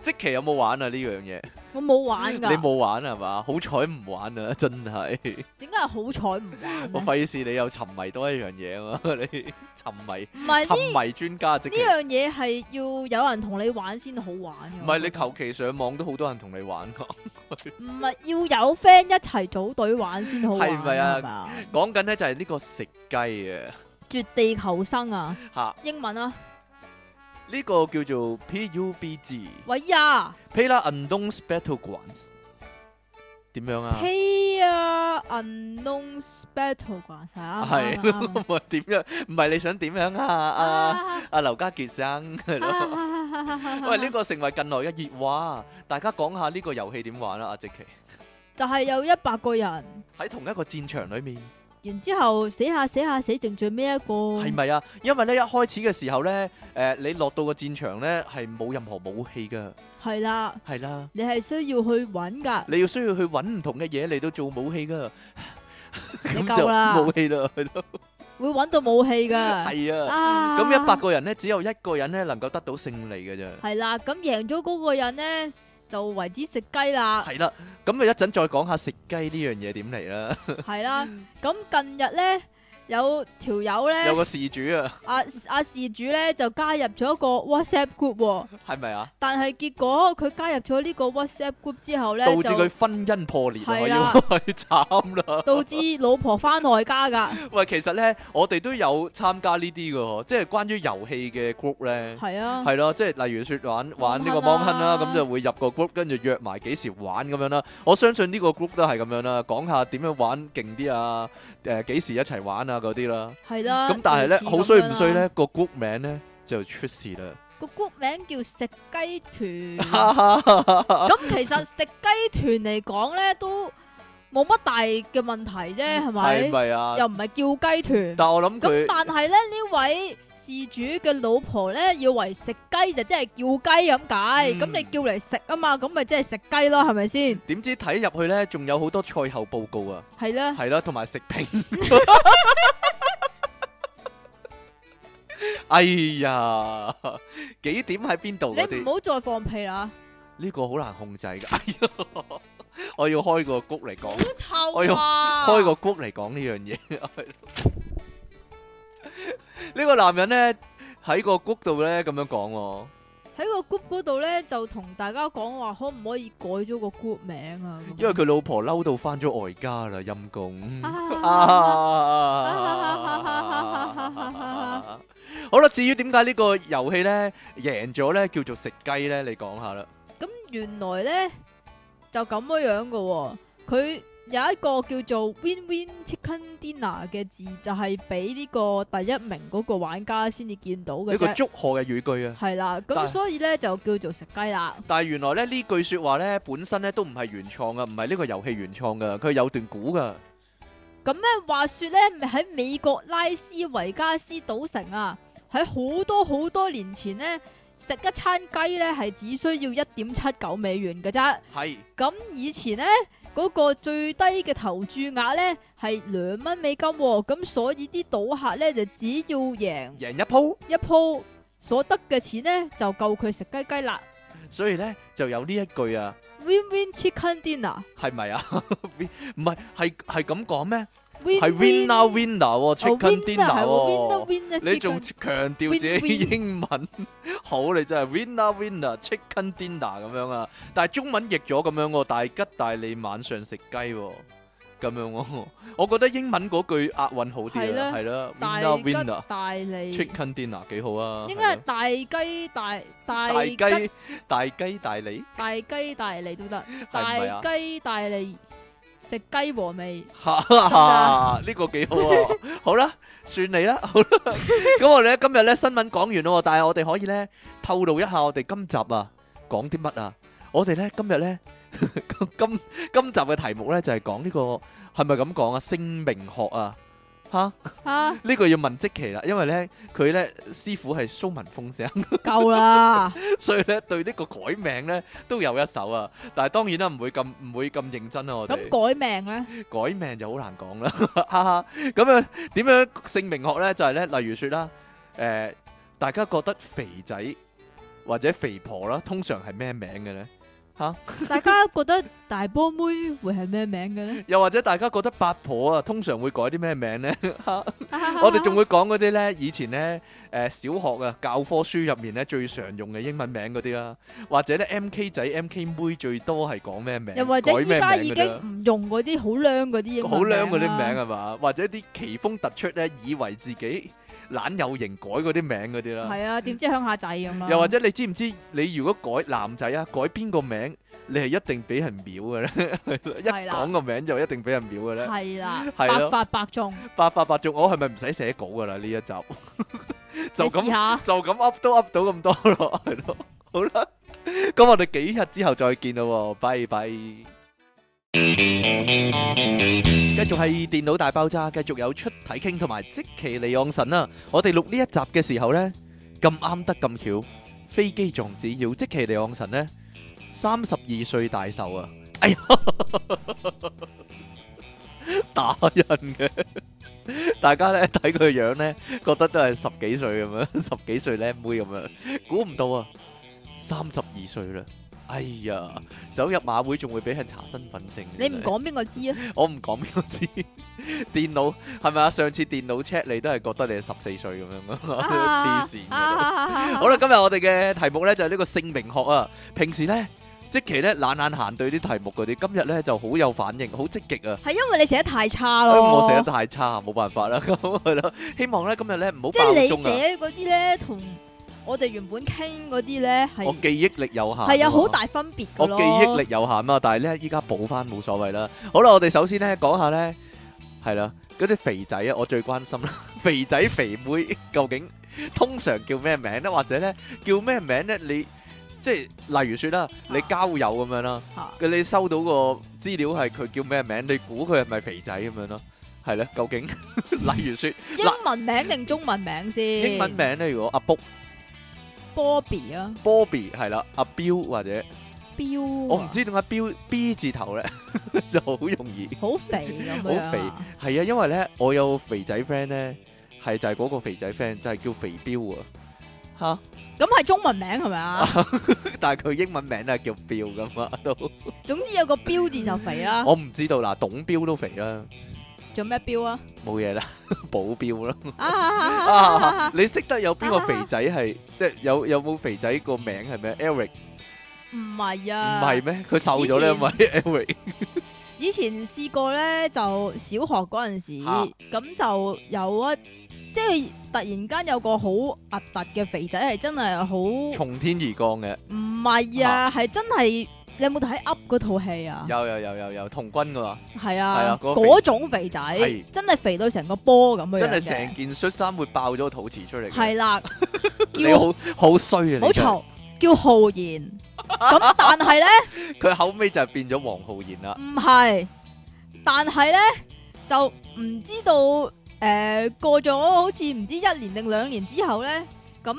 Speaker 1: 即期有冇玩啊？呢樣嘢
Speaker 2: 我冇玩噶，你
Speaker 1: 冇玩啊係嘛？好彩唔玩啊！真係，
Speaker 2: 點解係好彩唔玩？我費
Speaker 1: 事你又沉迷多一樣嘢啊！你沉迷唔係沉迷專家，即期呢樣
Speaker 2: 嘢係要有人同你玩先好玩。唔
Speaker 1: 係你求其上網都好多人同你玩噶，
Speaker 2: 唔係要有 friend 一齊組隊玩先好玩啊！係唔
Speaker 1: 係呀？講緊呢就係呢個食雞啊，
Speaker 2: 絕地求生啊，吓英文啊！
Speaker 1: 呢個叫做 PUBG，喂呀，PlayerUnknown's Battlegrounds，點樣啊
Speaker 2: ？PlayerUnknown's Battlegrounds 係咯，咪
Speaker 1: 點樣？唔係你想點樣啊？阿阿劉家杰生係咯，
Speaker 2: 喂，呢個
Speaker 1: 成為近來嘅熱話，大家講下呢個遊戲點玩啊？阿積淇
Speaker 2: 就係有一百個人喺
Speaker 1: 同一個戰場裏面。
Speaker 2: 然之後死下死下死，剩最尾一個係
Speaker 1: 咪啊？因為咧一開始嘅時候咧，誒你落到個戰場咧係冇任何武器噶，
Speaker 2: 係啦，係啦，你係需要去揾噶，
Speaker 1: 你要需要去揾唔同嘅嘢嚟到做武器噶，夠啦，武器啦，係咯，
Speaker 2: 會揾到武器噶，係
Speaker 1: 啊，咁一百個人咧，只有一個人咧能夠得到勝利嘅啫，
Speaker 2: 係啦，咁贏咗嗰個人咧。就為之食雞啦！係
Speaker 1: 啦，咁咪一陣再講下食雞呢樣嘢點嚟啦！
Speaker 2: 係 <laughs> 啦，咁近日咧。有條友咧，有個事主啊，阿阿、 <laughs> 啊啊、事主咧就加入咗個 WhatsApp group，係、哦、咪啊？但係結果佢加入咗呢個 WhatsApp group 之後咧，導致佢
Speaker 1: 婚姻破裂，係啦、啊，慘啦，導
Speaker 2: 致老婆翻外家噶。
Speaker 1: 喂，其實咧我哋都有參加呢啲噶，即係關於遊戲嘅 group 咧，係啊，係咯、啊，即係例如說玩玩呢個 Mon Hun 啦，咁就會入個 group，跟住約埋幾時玩咁樣啦。我相信呢個 group 都係咁樣啦，講下點樣玩勁啲啊，誒，幾時一齊玩啊？嗰啲啦，係啦，咁但係咧好衰唔衰咧？個 group 名，咧就出事啦。
Speaker 2: 個 group 名叫食雞團，
Speaker 1: 咁 <laughs> 其
Speaker 2: 實食雞團嚟講咧都冇乜大嘅問題啫，係咪、嗯？係咪啊？又唔係叫雞團。
Speaker 1: 但我諗佢，但
Speaker 2: 係咧呢位。自主嘅老婆咧，要為食雞就即係叫雞咁解，咁你叫嚟食啊嘛，咁咪即係食雞咯，係咪先？
Speaker 1: 點知睇入去咧，仲有好多賽後報告啊！係啦，係啦，同埋食評。哎呀，幾點喺邊度？你唔好
Speaker 2: 再放屁啦！
Speaker 1: 呢個好難控制㗎，哎呀，我要開個谷嚟講。好臭啊！我要開個谷嚟講呢樣嘢。呢個男人咧喺個 group 度咧咁樣講喎、
Speaker 2: 哦，喺個 group 度咧就同大家講話，可唔可以改咗個 group 名啊？因為
Speaker 1: 佢老婆嬲到返咗外家啦，陰公。 <laughs>
Speaker 2: 好
Speaker 1: 啦，至於點解呢個遊戲咧贏咗咧叫做食雞咧，你講下啦。
Speaker 2: 咁原來咧就咁樣樣噶、哦，佢。有一個叫做 Win Win Chicken Dinner 嘅字，就係俾呢個第一名嗰個玩家先至見到嘅啫，呢個祝
Speaker 1: 賀嘅語句啊。係
Speaker 2: 啦，咁所以咧但就叫做食雞啦。
Speaker 1: 但係原來咧呢句說話咧本身咧都唔係原創噶，唔係呢個遊戲原創噶，佢有段古噶。
Speaker 2: 咁咧、嗯，話說咧喺美國拉斯維加斯賭城啊，喺好多好多年前呢，食一餐雞咧係只需要一點七九美元嘅啫。係是。咁、嗯、以前咧。嗰個最低嘅投注額咧係兩蚊美金，哦，咁所以啲賭客咧就只要贏贏一鋪一鋪所得嘅錢咧就夠佢食雞雞啦。
Speaker 1: 所以咧就有呢一句啊
Speaker 2: ，Win Win Chicken Dinner
Speaker 1: 係咪啊？唔係係係咁講咩？
Speaker 2: 係 winner
Speaker 1: winner chicken dinner，你仲強調自己啲英文，好，你真係 winner winner chicken dinner 咁樣啊！但係中文譯咗咁樣喎，大吉大利晚上食雞咁樣，我覺得英文嗰句押韻好啲啊，係咯，winner winner 大
Speaker 2: 利 chicken
Speaker 1: dinner 幾好啊，應
Speaker 2: 該係大雞大，大吉
Speaker 1: 大雞大利，
Speaker 2: 大雞大利都得，大雞大利。食雞和味，
Speaker 1: 嚇嚇， <laughs> 呢個幾好喎！好啦，算你啦，好啦。咁我哋咧今日咧新聞講完咯，但係我哋可以咧透露一下，我哋今集啊講啲乜啊？我哋咧今日咧 <laughs> 今今集嘅題目咧就係、係、講呢、個係咪咁講啊？姓名學啊！吓吓呢個要問積淇啦，因為咧佢咧師傅係蘇文峰聲，夠啦，所以咧對呢個改名咧都有一手啊。但係當然啦，唔會咁唔會咁認真啦，我哋。咁
Speaker 2: 改名咧？
Speaker 1: 改名就好難講啦，哈哈。咁樣點樣姓名學咧？就係咧，例如說啦，誒，大家覺得肥仔或者肥婆啦，通常係咩名嘅咧？
Speaker 2: 吓！哈 <laughs> 大家覺得大波妹會係咩名嘅咧？
Speaker 1: 又或者大家覺得八婆啊，通常會改啲咩名咧？ <laughs> 我哋仲會講嗰啲咧，以前咧誒、呃，小學啊教科書入面咧最常用嘅英文名嗰啲啦，或者咧 MK 仔 MK 妹最多係講咩名？又或者而家已，已經唔
Speaker 2: 用嗰啲好娘嗰啲英好娘嗰啲名係
Speaker 1: 嘛，啊？或者啲奇峰突出咧，以為自己。懶有型改嗰啲名嗰啲啦，係啊，
Speaker 2: 點知鄉下仔咁樣？又或者
Speaker 1: 你知唔知？你如果改男仔啊，改邊個名，你係一定俾人秒嘅咧？ <laughs> 一講個名就一定俾人秒嘅咧？係
Speaker 2: 啦，係百發百中，
Speaker 1: 百發百中，我係咪唔使寫稿噶啦？呢一集
Speaker 2: <laughs> 就咁 up，
Speaker 1: 就咁 up 都 up 到咁多咯，係咯，好啦，咁 <laughs> 我哋幾日之後再見啦，拜拜。繼續係電腦大爆炸，繼續有出體 king 同埋積淇離岸神啦。我哋錄呢一集嘅時候咧，咁啱得咁巧，飛機撞紙要積淇離岸神咧，三十二歲大壽啊！哎呀，打人嘅，大家咧睇佢樣咧，覺得都係十幾歲咁樣，十幾歲靚妹咁樣，估唔到啊，三十二歲啦。哎呀，走入馬會仲會俾人查身份證？你唔講
Speaker 2: 邊個知啊？ <laughs> 我
Speaker 1: 唔講邊個知電腦，電腦係咪啊？上次電腦 check 你都係覺得你係十四歲咁樣啊？黐線！
Speaker 2: 好啦，
Speaker 1: 今日我哋嘅題目咧就係、是、呢個姓名學啊。平時咧即期咧懶懶閒對啲題目嗰啲，今日咧就好有反應，好積極啊！
Speaker 2: 係因為你寫得太差咯。 <laughs> 我寫得
Speaker 1: 太差，冇辦法啦。咁係咯，希望咧今日咧唔好爆粗、啊、即係你寫
Speaker 2: 嗰啲咧同。我哋原本傾嗰啲咧，係我
Speaker 1: 記憶力有限，係有好大
Speaker 2: 分別嘅咯。我記憶力
Speaker 1: 有限啊，但係咧依家補翻冇所謂啦。好啦，我哋首先咧講下咧，係啦，嗰啲肥仔啊，我最關心啦。肥仔肥妹究竟通常叫咩名咧？或者咧叫咩名咧？你即係例如說啦，你交友咁樣啦，佢你收到個資料係佢叫咩名，你估佢係咪肥仔咁樣咯？係啦，究竟例如說
Speaker 2: 英文名定中文名先？英文
Speaker 1: 名咧，如果阿卜。
Speaker 2: Bobby
Speaker 1: 啊，Bobby 係啦，阿、啊、Bill 或者
Speaker 2: Bill，、啊、我唔
Speaker 1: 知點解 Bill B 字頭咧 <laughs> 就好容易，好
Speaker 2: 肥， <laughs> 肥，好肥、
Speaker 1: 啊，係啊，因為咧我有肥仔 friend 咧，係就係嗰個肥仔 friend 就係、是、叫肥彪啊，吓，
Speaker 2: 咁係中文名係咪啊？
Speaker 1: <laughs> 但係佢英文名咧係叫 Bill 㗎嘛， <laughs> 都。
Speaker 2: 總之有個彪字就肥啦。 <laughs>
Speaker 1: 我唔知道啦，董彪都肥啦。做咩標啊？冇嘢啦，保鏢咯。
Speaker 2: 你
Speaker 1: 識得有邊個肥仔係、啊、即係有有冇肥仔個名係咩？Eric？
Speaker 2: 唔係啊。唔係
Speaker 1: 咩？佢瘦咗咧，咪 Eric？
Speaker 2: 以前試過咧，就小學嗰陣時，咁、啊、就有啊，即、就、係、是、突然間有個好核突嘅肥仔，係真係好
Speaker 1: 從天而降嘅。
Speaker 2: 唔係啊，係真係。啊你有冇睇 Up 嗰套戲啊？
Speaker 1: 有有有有有，童軍㗎嘛？係啊，嗰、啊、種
Speaker 2: 肥仔是真係肥到成個波咁樣，真係成
Speaker 1: 件恤衫會爆咗個肚臍出嚟。係
Speaker 2: 啦、啊，叫 <laughs> 你
Speaker 1: 好衰啊！好嘈
Speaker 2: 醜，看叫浩然。咁 <laughs> 但係咧，
Speaker 1: 佢後 <laughs> 尾就變咗黃浩然啦。唔
Speaker 2: 係，但係咧就唔知道誒、呃，過咗好似唔知一年定兩年之後咧，咁。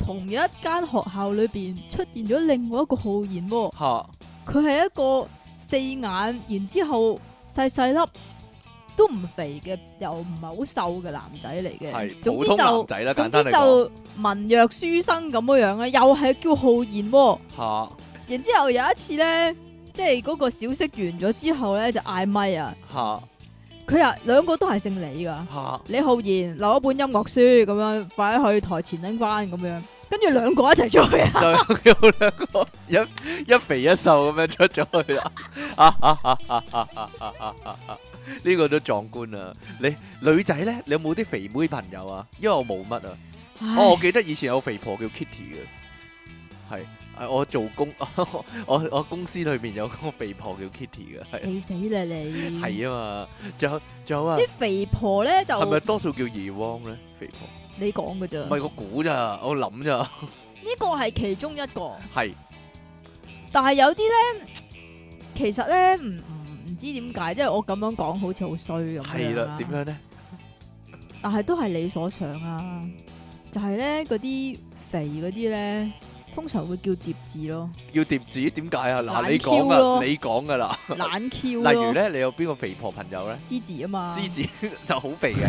Speaker 2: 同一間學校裏邊出現咗另外一個浩然喎、哦，佢係哈一個四眼，然之後細細粒都唔肥嘅，又唔係好瘦嘅男仔嚟嘅，是總之就啦總之就文弱書生咁樣樣咧，又係叫浩然喎、哦，哈然之後有一次咧，即係嗰個小息完咗之後咧就嗌咪啊。佢話兩個都係姓李噶，李、啊、浩然留一本音樂書，咁樣快去台前拎翻咁樣，跟住兩個一齊出去啊！兩
Speaker 1: 個一一肥一瘦咁樣出咗去啊！呢 <laughs> <laughs> <laughs> 個都壯觀啊！你女仔咧，你有冇啲肥妹朋友啊？因為我冇乜啊，唉 oh, 我記得以前有肥婆叫 Kitty 嘅，係。我做工， <laughs> 我我公司裏邊有個肥婆叫 Kitty 噶，係你死啦你！係啊 <laughs> 嘛，仲有仲有啊！啲
Speaker 2: 肥婆咧就係咪多
Speaker 1: 數叫 Yvonne 咧？肥婆，
Speaker 2: 你講噶咋？唔係個
Speaker 1: 估咋，我諗咋？
Speaker 2: 呢個係其中一個，
Speaker 1: 係。
Speaker 2: <laughs> <laughs> 但係有啲咧，其實咧唔唔知點解，即係我咁樣講好似好衰咁樣啦。點樣咧？但係都係你所想啊，就係咧嗰啲肥嗰啲咧。通常會叫疊字咯，
Speaker 1: 叫疊字點解啊？嗱，你講噶，你講噶啦。懶 Q，例如咧，你有邊個肥婆朋友咧？
Speaker 2: 芝芝啊嘛，芝芝
Speaker 1: 就好肥嘅，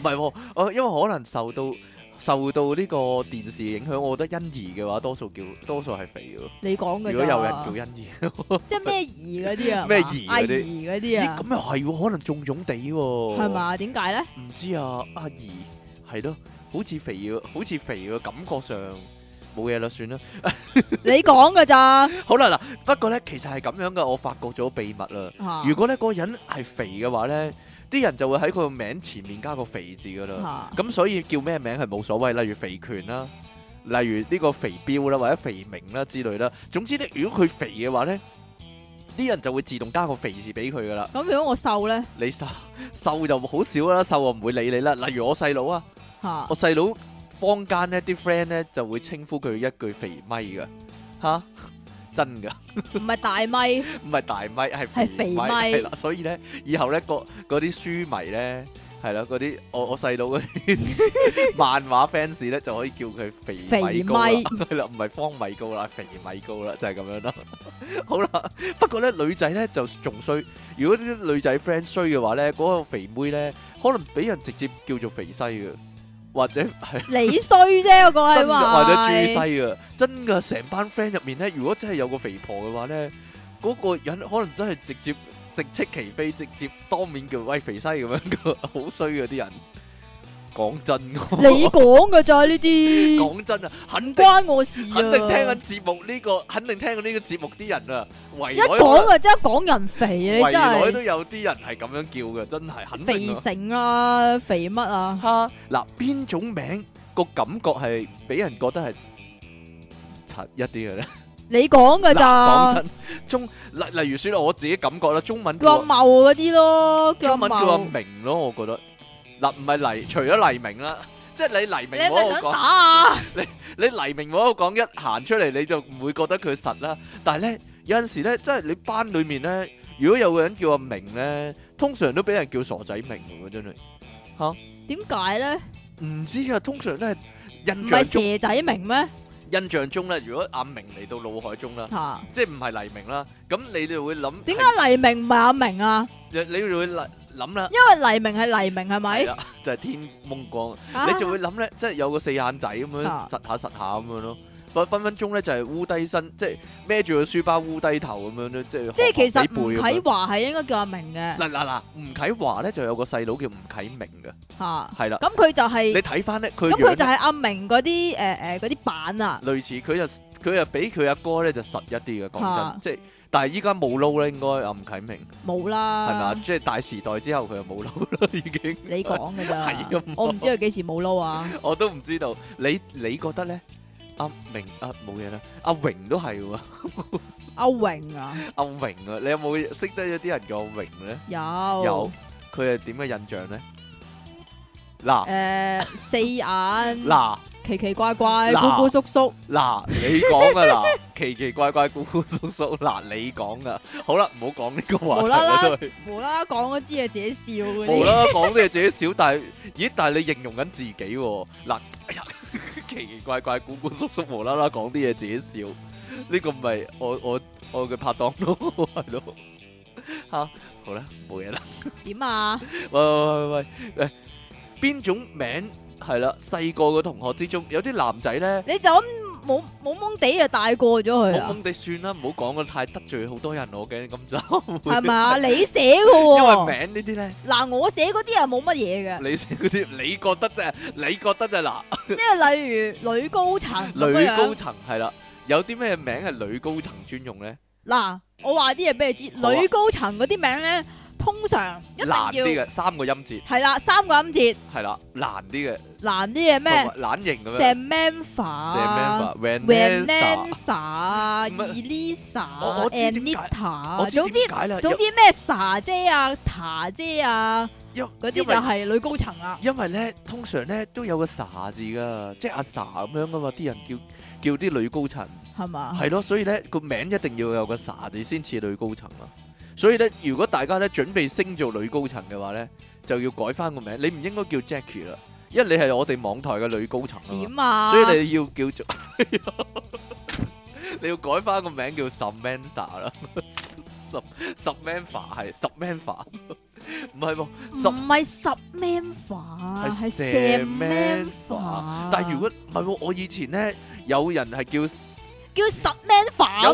Speaker 1: 唔係，我因為可能受到受到呢個電視影響，我覺得欣宜嘅話，多數叫，多數係肥嘅。
Speaker 2: 你講嘅，如果有人叫欣宜，即係咩怡嗰啲啊？咩怡嗰啲嗰啲啊？咁又係，
Speaker 1: 可能腫腫地係嘛？
Speaker 2: 點解咧？唔知啊，阿怡。
Speaker 1: 係咯，好似肥嘅，好似肥嘅感覺上。冇嘢啦，算啦。
Speaker 2: <laughs> 你講噶咋？好啦，嗱，
Speaker 1: 不過咧，其實係咁樣嘅。我發覺咗秘密啦。啊、如果咧嗰個人係肥嘅話咧，啲人就會喺佢個名前面加個肥字噶啦。咁、啊、所以叫咩名係冇所謂，例如肥拳啦，例如呢個肥彪啦，或者肥明啦之類啦。總之咧，如果佢肥嘅話咧，啲人就會自動加個肥字俾佢噶啦。
Speaker 2: 咁如果我瘦咧，
Speaker 1: 你瘦瘦就好少啦，瘦我唔會理你啦。例如我細佬啊，啊我細佬。坊間呢啲 friend 咧就會稱呼佢一句肥咪噶，吓真噶，
Speaker 2: 唔係大咪，
Speaker 1: 唔係 <laughs> 大咪，係係肥咪，係啦，所以咧以後咧嗰啲書迷咧係啦嗰啲我我細佬嗰啲漫畫 fans 咧就可以叫佢肥咪。咪米，係啦， <laughs> 唔係方米高啦，肥米高啦，就係咁樣啦。 <laughs> 好啦，不過咧女仔咧就仲衰，如果啲女仔 friend 衰嘅話咧，嗰個肥妹咧可能俾人直接叫做肥西噶。或者係 <laughs>
Speaker 2: 你衰啫，我講係話，或者住西
Speaker 1: 啊，真嘅成班 friend 入面咧，如果真係有個肥婆嘅話咧，嗰、嗰個人可能真係直接直斥其非，直接當面叫，喂，肥西咁樣，好 <laughs> 衰嗰啲人。講真，你
Speaker 2: 講噶咋呢啲？講真啊，唔關我
Speaker 1: 事啊。肯定聽緊節目呢個，肯定聽緊呢個節目啲人啊，唯。一講啊，
Speaker 2: 即係講人肥啊，你真係。都
Speaker 1: 有啲人係咁樣叫噶，真係肯定。肥成
Speaker 2: 啊，肥乜啊？吓
Speaker 1: 嗱，邊種名個感覺係俾人覺得係柒一啲嘅咧？
Speaker 2: 你講噶咋？講
Speaker 1: 真中，例例如說我自己感覺啦，中文叫阿
Speaker 2: 茂嗰啲咯，中文叫阿
Speaker 1: 明咯，我覺得。嗱，唔係黎，除咗黎明啦，即係你黎明你係咪想打啊，你你黎明冇喺度講，一行出嚟，你就唔會覺得佢實啦。但係咧有陣時咧，即係你班裏面咧，如果有個人叫阿明咧，通常都俾人叫傻仔明噶喎，真係吓，
Speaker 2: 點解咧？唔知啊，通常都係
Speaker 1: 印象。唔係蛇仔
Speaker 2: 明咩？
Speaker 1: 印象中咧，如果阿明嚟到腦海中啦，即係唔係黎明啦，咁你哋會諗點解
Speaker 2: 黎明唔係阿明啊？
Speaker 1: 你你會諗？諗啦，
Speaker 2: 因為黎明係黎明，係咪？係啊，
Speaker 1: 就係天蒙光，你就會諗咧，即係有個四眼仔咁樣，實下實下咁樣咯。分分鐘咧就係烏低身，即係孭住個書包烏低頭咁樣咧，即係即係其實吳啟華
Speaker 2: 係應該叫阿明嘅。嗱
Speaker 1: 嗱嗱，吳啟華咧就有個細佬叫吳啟明嘅。
Speaker 2: 吓，係啦。咁佢就係你睇
Speaker 1: 翻，咧，咁佢就係阿
Speaker 2: 明嗰啲誒誒啲版啊。
Speaker 1: 類似佢就佢就俾佢阿哥咧就實一啲嘅，講真即係。但係依家冇撈咧，應該阿吳啟明
Speaker 2: 冇啦，係咪？
Speaker 1: 即係大時代之後佢又冇撈啦，已經。你講噶咋？我唔知佢
Speaker 2: 幾時冇撈啊！
Speaker 1: 我都唔知道。你你覺得咧？阿明阿冇嘢啦。阿榮都係喎。
Speaker 2: 阿榮啊！
Speaker 1: 阿榮啊！你有冇識得一啲人叫阿榮咧？有有。佢係點嘅印象咧？嗱
Speaker 2: 誒，四眼嗱。奇奇怪怪，古古叔叔，
Speaker 1: 嗱你講啊嗱，奇奇怪怪，古古叔叔，嗱你講啊，好啦，唔好講呢個話題啦，
Speaker 2: 無啦啦講嗰啲嘢自己笑，無啦啦
Speaker 1: 講啲嘢自己笑，但係，咦？但係你形容緊自己喎，嗱，奇奇怪怪，古古叔叔，無啦啦講啲嘢自己笑，呢個唔係我我我嘅拍檔咯，係咯，吓，好啦，冇嘢啦，點啊？喂喂喂喂，邊種名？係啦，細個嘅同學之中，有啲男仔咧，
Speaker 2: 你就咁懵就懵懵地就大過咗佢啊！懵
Speaker 1: 地算啦，唔好講得太得罪好多人我嘅咁就係
Speaker 2: 嘛？你寫嘅、啊、因
Speaker 1: 為名呢啲
Speaker 2: 咧，嗱我寫嗰啲又冇乜嘢嘅。
Speaker 1: 你寫嗰啲，你覺得啫、就是？你覺得啫？嗱，即
Speaker 2: 係例如女高層，女高層
Speaker 1: 係啦，有啲咩名係女高層專用咧？
Speaker 2: 嗱，我話啲嘢俾你知，女高層嗰啲名咧。通常一定要嘅
Speaker 1: 三個音節
Speaker 2: 係啦，三個音節
Speaker 1: 係啦，難啲嘅
Speaker 2: 難啲嘅咩？
Speaker 1: 懶型咁
Speaker 2: 樣。Samantha, Vanessa, Elisa, Anita, 總之總之咩？Saa 姐啊，Taa 姐啊，嗰啲就係女高層啦。
Speaker 1: 因為咧，通常咧都有個 Saa 字噶，即係阿 Saa 咁樣噶嘛，啲人叫叫啲女高層係嘛？係咯，所以咧個名一定要有個 Saa 字先似女高層啦。所以咧，如果大家咧準備升做女高層嘅話咧，就要改翻個名。你唔應該叫 Jackie 啦，因為你係我哋網台嘅女高層啊。點啊？所以你要叫做，你要改翻個名叫 Samantha 啦。十 Samantha 係 Samantha，唔係喎，唔
Speaker 2: 係 Samantha，係 Samantha。但係
Speaker 1: 如果唔係喎，我以前咧有人係叫。
Speaker 2: 叫十 man 法啊！有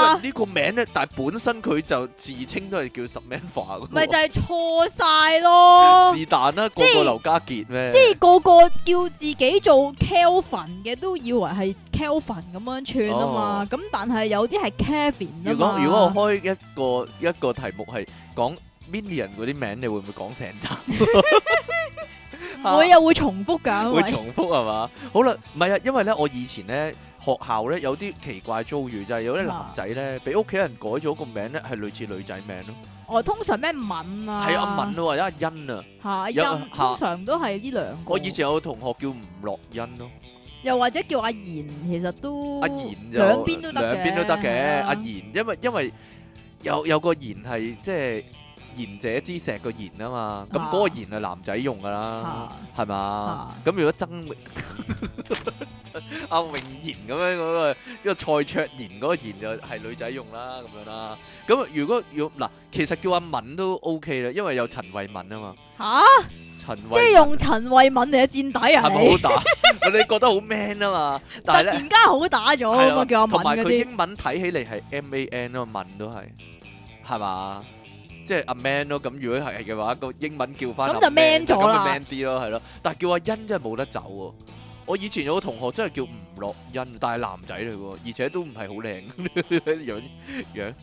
Speaker 2: 人
Speaker 1: 呢個名咧，但係本身佢就自稱都係叫十 man 法。咪就
Speaker 2: 係錯晒咯！是
Speaker 1: 但啦，個個劉家杰咩？即係
Speaker 2: 個個叫自己做 Kelvin 嘅，都以為係 Kelvin 咁樣串啊嘛。咁但係有啲係 Kevin 噶嘛。如果如果我
Speaker 1: 開一個一個題目係講 Million 嗰啲名，你會唔會講成集？
Speaker 2: 我又會重複噶，會重
Speaker 1: 複係嘛？好啦，唔係啊，因為咧，我以前咧。學校咧，有啲奇怪遭遇，就係、是、有啲男仔咧，俾屋企人改咗個名咧，係類似女仔名咯。
Speaker 2: 哦，通常咩敏啊，係阿敏
Speaker 1: 啊，或者阿欣啊，嚇，欣通常
Speaker 2: 都係呢兩個。我以
Speaker 1: 前有個同學叫吳樂欣咯、
Speaker 2: 啊，又或者叫阿賢，其實都阿賢就、啊、兩邊都得，兩邊都得嘅。
Speaker 1: 阿賢的、啊，因為因為有有個賢係即係。就是賢者之石個賢啊嘛，咁嗰個賢係男仔用噶啦，係嘛？咁如果曾榮阿榮賢咁樣嗰個，呢個蔡卓妍嗰個賢就係女仔用啦，咁樣啦。咁如果要嗱，其實叫阿敏都 OK 啦，因為有陳慧敏啊嘛。吓，陳慧即係用
Speaker 2: 陳慧敏嚟嘅戰底啊？係咪好打？
Speaker 1: 你覺得好 man 啊嘛？突然間
Speaker 2: 好打咗，叫阿敏同埋佢英
Speaker 1: 文睇起嚟係 M A N 啊，敏都係，係嘛？即係阿 Man 咯，咁如果係嘅話，個英文叫翻咁就 Man 咗啦，咁就 Man 啲咯，係咯。但係叫阿欣真係冇得走喎。我以前有個同學真係叫吳樂欣，但係男仔嚟噶，而且都唔係好靚樣樣。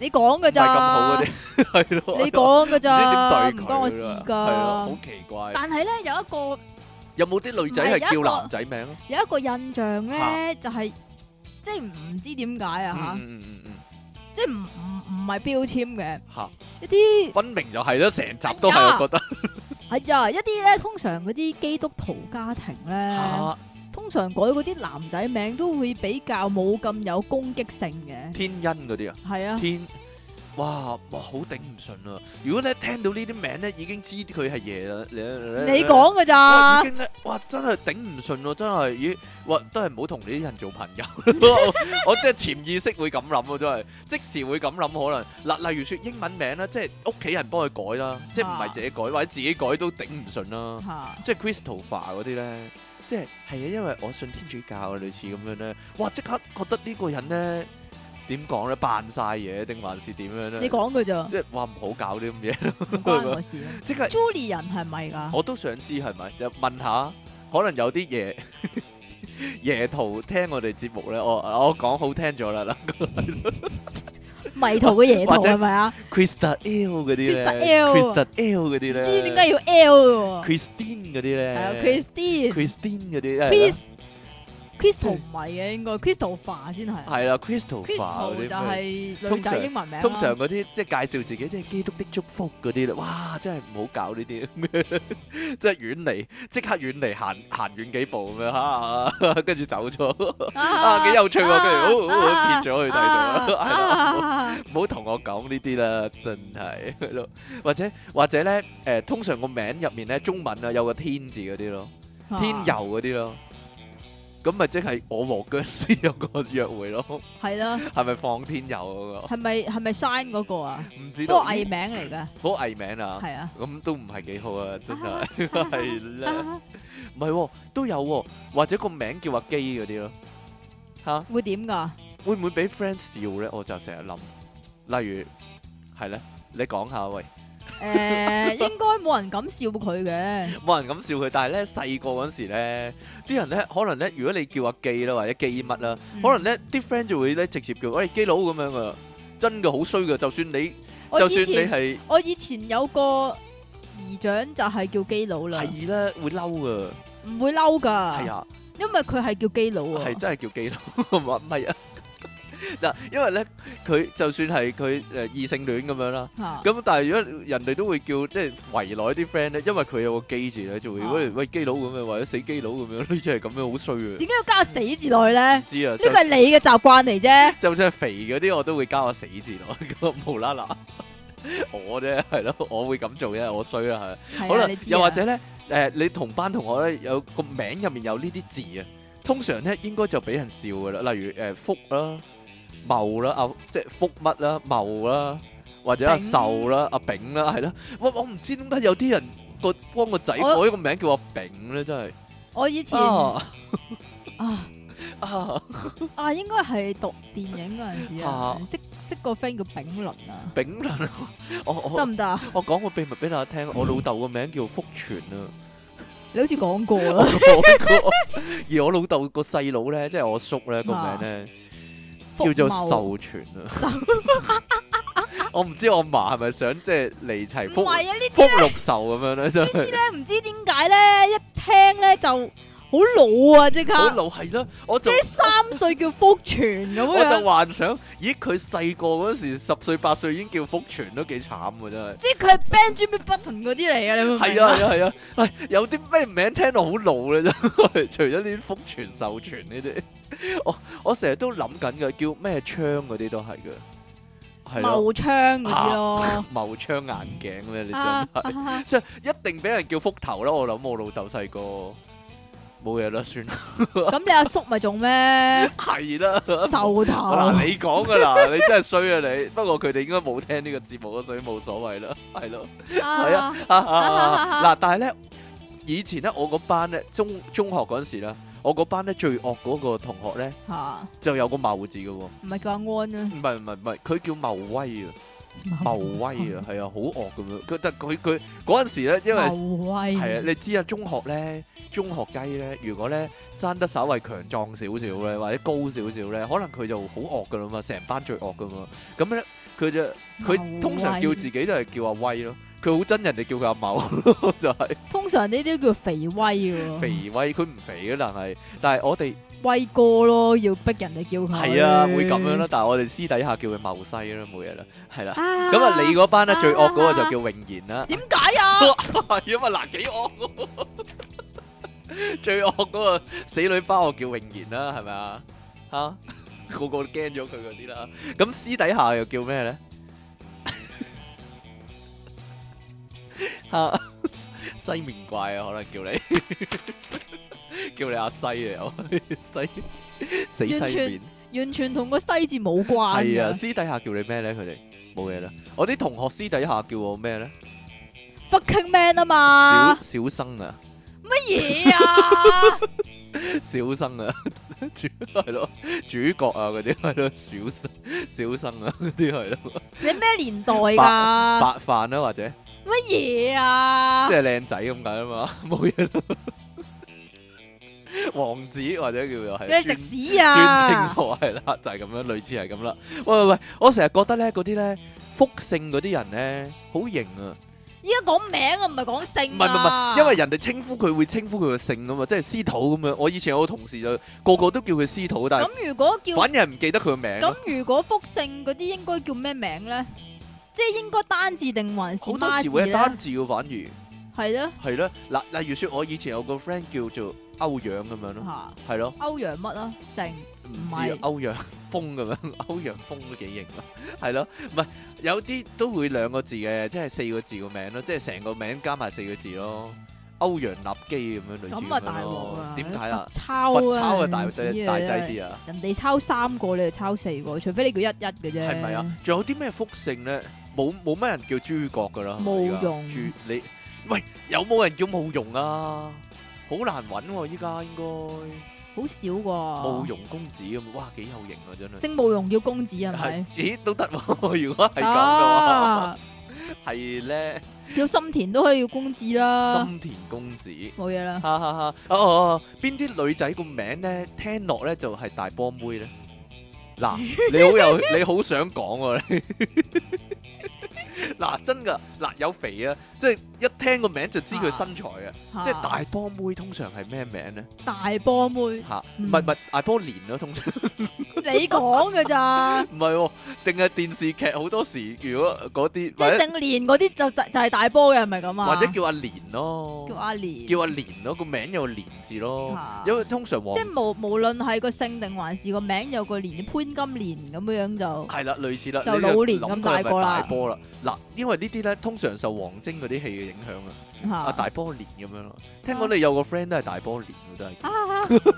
Speaker 2: 你講噶咋？咁好
Speaker 1: 嘅，係咯。你講噶咋？唔關我事噶，係啊，好奇怪。但
Speaker 2: 係咧有一
Speaker 1: 個，有冇啲女仔係叫男仔名？有
Speaker 2: 一個印象咧，就係即係唔知點解啊吓。即係唔唔唔係標籤嘅，哈一啲
Speaker 1: 些 分明就係咯，成集都係我覺得。
Speaker 2: 係呀，一啲咧通常嗰啲基督徒家庭咧，哈通常改嗰啲男仔名都會比較冇咁有，有攻擊性嘅。
Speaker 1: 天恩嗰啲啊，係啊。哇哇，好頂唔順啊！如果你聽到呢啲名咧，已經知佢係嘢啦。你講嘅咋？已經呢，哇，真係頂唔順咯，真係咦？哇，都係唔好同呢啲人做朋友 <laughs> 我即係潛意識會咁諗啊，真係即時會咁諗可能。嗱，例如說英文名咧，即係屋企人幫佢改啦，即係唔係自己改，或者自己改都頂唔順啦。即係 Christopher 嗰啲咧，即係係啊，因為我信天主教，類似咁樣咧，哇，即刻覺得呢個人咧。點講咧？扮曬嘢定還是點樣咧？你講佢就？即係話唔好搞啲咁嘢，關我
Speaker 2: 事啊！即係 Julie 人係咪噶？我
Speaker 1: 都想知係咪，就問下。可能有啲嘢夜徒聽我哋節目咧，我我講好聽咗啦啦。
Speaker 2: 迷途嘅夜徒係咪啊
Speaker 1: ？Krista L 嗰啲，Krista L，Krista L 嗰啲咧，知點解要 L 嘅？Christine 嗰啲咧，Christine，Christine 嗰啲。
Speaker 2: Crystal 唔係嘅，應該 Christopher 先係。
Speaker 1: 係啦，Christopher。Christopher 就係女仔英文名啦。通常嗰啲即係介紹自己即係基督的祝福嗰啲咧，哇！真係唔好搞呢啲，即係遠離，即刻遠離，行行遠幾步咁樣嚇，跟住走咗。啊，幾有趣喎！跟住，好好撇咗佢喺度，唔好同我講呢啲啦，真係。或者或者咧，誒，通常個名入面咧，中文啊，有個天字嗰啲咯，
Speaker 2: 天佑
Speaker 1: 嗰啲咯。咁咪即係我和僵屍有個約會咯，係咯，係咪放天佑嗰個？
Speaker 2: 係咪係咪 sign 嗰個啊？唔
Speaker 1: 知道個藝名嚟噶，好藝名啊！係啊，咁都唔係幾好啊，真係，係啦，唔係，都有，或者個名叫阿基嗰啲咯，吓會點噶？會唔會俾 friend 笑咧？我就成日諗，例如係咧，你講下喂。
Speaker 2: 誒，應該冇人敢笑佢嘅，
Speaker 1: 冇人敢笑佢。但係咧，細個嗰時咧，啲人咧可能咧，如果你叫阿記啦或者記乜啦，可能咧啲 friend 就會咧直接叫喂，基佬咁樣噶真嘅好衰噶。就算你就算你係
Speaker 2: 我以前有個姨丈就係叫基佬啦，係
Speaker 1: 啦，會嬲噶，
Speaker 2: 唔會嬲噶，係啊，因為佢係叫基佬啊，係真
Speaker 1: 係叫基佬，唔係唔係啊。嗱，因為咧，佢就算係佢誒異性戀咁樣啦，咁但係如果人哋都會叫即係圍內啲 friend 咧，因為佢有個基字咧，就會喂喂基佬咁樣或者死基佬咁樣，呢啲係咁樣好衰啊！點
Speaker 2: 解要加個死字落去咧？
Speaker 1: 知啊，呢個係你
Speaker 2: 嘅習慣嚟啫。
Speaker 1: 就真係肥嗰啲，我都會加個死字落去，咁無啦啦，我啫係咯，我會咁做嘅，我衰啊係，可能又或者咧，誒你同班同學咧有個名入面有呢啲字啊，通常咧應該就俾人笑噶啦，例如誒福啦。謀啦，阿即係福乜啦，謀啦，或者阿壽啦，阿丙啦，係啦。我我唔知點解有啲人個幫個仔改個名叫阿丙咧，真係。我以
Speaker 2: 前啊啊啊，應該係讀電影嗰陣時啊，識識個 friend 叫丙倫啊。丙
Speaker 1: 倫，我我得唔得？我講個秘密俾大家聽，我老豆個名叫做福全啊。
Speaker 2: 你好似講過啦。
Speaker 1: 而我老豆個細佬咧，即係我叔咧個名咧。
Speaker 2: 叫做壽
Speaker 1: 全啊！我唔知我阿嫲係咪想即係嚟齊福祿壽咁樣咧，即係呢啲咧
Speaker 2: 唔知點解咧，一聽咧就好老啊！即刻好老係啦，我即係三歲叫福全咁樣，我，我就幻
Speaker 1: 想咦佢細個嗰陣時十歲八歲已經叫福全都幾慘噶，真係即
Speaker 2: 係佢係 Benjamin Button 嗰啲嚟噶，你係啊係啊，係、啊啊啊啊哎、
Speaker 1: 有啲咩名聽到好老咧，真係除咗呢啲福全壽全呢啲。我我成日都諗緊嘅，叫咩槍嗰啲都係嘅，
Speaker 2: 係謀槍嗰啲咯，
Speaker 1: 謀槍眼鏡呢？你真係即係一定俾人叫福頭咯。我諗我老豆細個冇嘢啦，算
Speaker 2: 啦。咁你阿叔咪仲咩？
Speaker 1: 係啦，壽頭嗱，你講噶啦，你真係衰啊你。不過佢哋應該冇聽呢個節目，所以冇所謂啦，係咯，係啊。嗱，但係咧，以前咧，我嗰班咧，中中學嗰陣時咧。我嗰班咧最惡嗰個同學咧，就有個茂字嘅喎。
Speaker 2: 唔係叫阿安啊？唔係唔
Speaker 1: 係唔係，佢叫茂威啊，
Speaker 2: 茂威
Speaker 1: 啊，係啊，好惡嘅喎。覺得佢佢嗰陣時咧，因為茂
Speaker 2: 威，係啊，你
Speaker 1: 知啊，中學咧，中學雞咧，如果咧生得稍為強壯少少咧，或者高少少咧，可能佢就好惡嘅啦嘛，成班最惡嘅嘛。咁咧佢就佢通常叫自己都係叫阿威咯。佢好憎人哋叫佢阿茂，就係
Speaker 2: 通常呢啲都叫肥威嘅。肥
Speaker 1: 威佢唔肥啊，但係但係我哋
Speaker 2: 威哥咯，要逼人哋叫佢係啊，會咁樣啦。
Speaker 1: 但係我哋私底下叫佢茂西啦，冇嘢啦，係啦。咁啊，你嗰班咧最惡嗰個就叫永然啦。點解啊？係因為嗱，幾惡最惡嗰個死女包我叫永然啦，係咪啊？吓，個個都驚咗佢嗰啲啦。咁私底下又叫咩咧？吓 <laughs> 西面怪啊，可能叫你 <laughs> 叫你阿西啊， <laughs> 西死西面完，
Speaker 2: 完全同個西字冇關。係啊，
Speaker 1: 私底下叫你咩咧？佢哋冇嘢啦。我啲同學私底下叫我咩咧
Speaker 2: ？fucking man 啊嘛，
Speaker 1: 小生啊，
Speaker 2: 乜嘢啊？
Speaker 1: 小生啊，係咯，主角啊嗰啲係咯，小生小生啊嗰啲係咯。
Speaker 2: <laughs> 你咩年代㗎、啊？白
Speaker 1: 飯啊，或者？
Speaker 2: 乜嘢啊？即係
Speaker 1: 靚仔咁解啊嘛，冇嘢。王子或者叫做係你食屎啊？轉稱呼係啦，就係咁樣，類似係咁啦。喂喂喂，我成日覺得咧，嗰啲咧複姓嗰啲人咧，好型啊！
Speaker 2: 依家講名啊，唔係講姓啊。唔係唔係，因為
Speaker 1: 人哋稱呼佢會稱呼佢個姓啊嘛，即係司徒咁樣。我以前有個同事就個個都叫佢司徒，但係咁如
Speaker 2: 果叫，反而係
Speaker 1: 唔記得佢個名。咁
Speaker 2: 如果複姓嗰啲應該叫咩名咧？即係應該單字定還是，好多時會係單字嘅，反而係咯，
Speaker 1: 係咯的。嗱，例如說，我以前有個 friend 叫做歐陽咁樣咯，係咯。
Speaker 2: 歐陽乜啊？靜唔知
Speaker 1: 歐陽鋒咁樣，歐陽鋒都幾型咯，係咯的。唔係是有啲都會兩個字嘅，即係四個字，名字個名咯，即係成個名加埋四個字咯。歐陽立基咁樣類似咯，大鑊啊，點解啊？抄啊，抄啊，大細大仔啲啊！人
Speaker 2: 哋抄三個你就抄四個，除非你叫一一嘅啫。係咪啊？
Speaker 1: 仲有啲咩複姓咧？冇冇咩人叫朱角噶啦，冇用朱你喂，有冇人叫慕容啊？好難揾喎，依家應該
Speaker 2: 好少喎。慕
Speaker 1: 容公子咁，哇，幾有型啊！真係姓慕
Speaker 2: 容叫公子係咪？
Speaker 1: 咦，都得喎！如果係咁嘅話，係咧，
Speaker 2: 叫森田都可以叫公子啦。森
Speaker 1: 田公子冇嘢啦。哈哈哈！哦，邊啲女仔個名咧，聽落咧就係大波妹咧。嗱，你好，有你好想講喎你。嗱，真噶辣有肥啊，即係。一聽個名就知佢身材啊，即係大波妹通常係咩名咧？
Speaker 2: 大波妹
Speaker 1: 嚇，唔係唔係大波蓮咯，通常
Speaker 2: 你講㗎咋？
Speaker 1: 唔係喎，定係電視劇好多時如果嗰啲即係姓
Speaker 2: 蓮嗰啲就就就係大波嘅，係咪咁啊？或者叫
Speaker 1: 阿蓮咯，叫阿蓮，叫阿蓮咯，個名有蓮字咯，啊，因為通常即係
Speaker 2: 無無論係個姓定還是個名，名有個蓮潘金蓮咁樣就係
Speaker 1: 啦，類似啦，就老年咁大波啦，大波啦。嗱，因為呢啲咧通常受王晶嗰啲戲影響啊！啊大波年咁樣咯，聽講你有個 friend 都係大波年，都係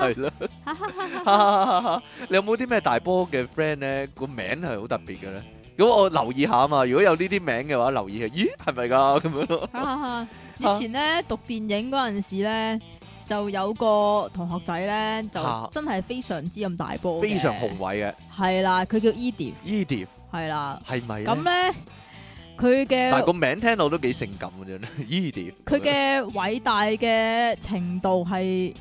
Speaker 1: 係咯。 <laughs> <laughs> 對了 <laughs> 你有冇啲咩大波嘅 friend 咧？個名係好特別嘅咧？咁我留意下啊嘛。如果有呢啲名嘅話，留意下。咦，係咪噶咁樣
Speaker 2: 咯？ <laughs> 以前咧讀電影嗰陣時咧，就有個同學仔咧，就真係非常之咁大波，非常雄偉嘅。係啦，佢叫
Speaker 1: Edith，Edith
Speaker 2: 係啦，係
Speaker 1: 咪咁咧？是
Speaker 2: 佢嘅，但係個
Speaker 1: 名聽到都幾性感嘅啫，伊 <laughs> 迪些。佢嘅
Speaker 2: 偉大嘅程度係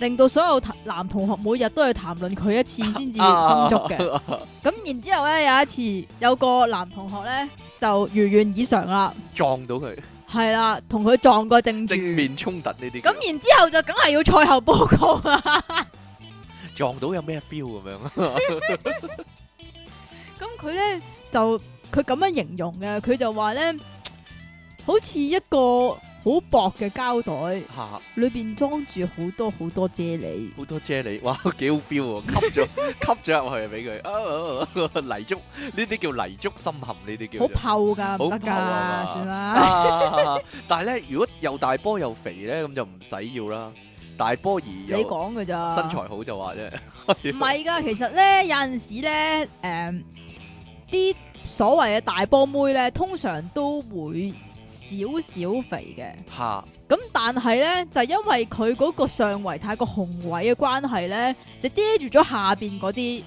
Speaker 2: 令到所有男同學每日都要談論佢一次先至心足嘅。咁 <laughs> 然之後咧，有一次有個男同學咧就如願以償啦，
Speaker 1: 撞到佢。
Speaker 2: 係啦，同佢撞過正正
Speaker 1: 面衝突呢啲。咁
Speaker 2: 然之後就梗係要賽後報告啦。
Speaker 1: <laughs> 撞到有咩 feel 咁樣？
Speaker 2: 咁佢咧就。佢咁樣形容嘅，佢就話咧，好似一個好薄嘅膠袋，裏邊裝住好多好多啫喱，
Speaker 1: 好多啫喱，哇，幾好 feel 啊！吸咗吸咗入去俾佢，啊，泥足呢啲叫泥足深陷，呢啲叫好透噶，唔得噶，算啦。但係咧，如果又大波又肥咧，咁就唔使要啦。大波而已你講嘅咋？身材好就話啫，唔
Speaker 2: 係噶。其實咧，有陣時咧，誒，啲。所謂嘅大波妹呢，通常都會少少肥嘅。咁怕但係呢，就因為佢嗰個上圍太過雄偉嘅關係呢，就遮住咗下邊嗰啲，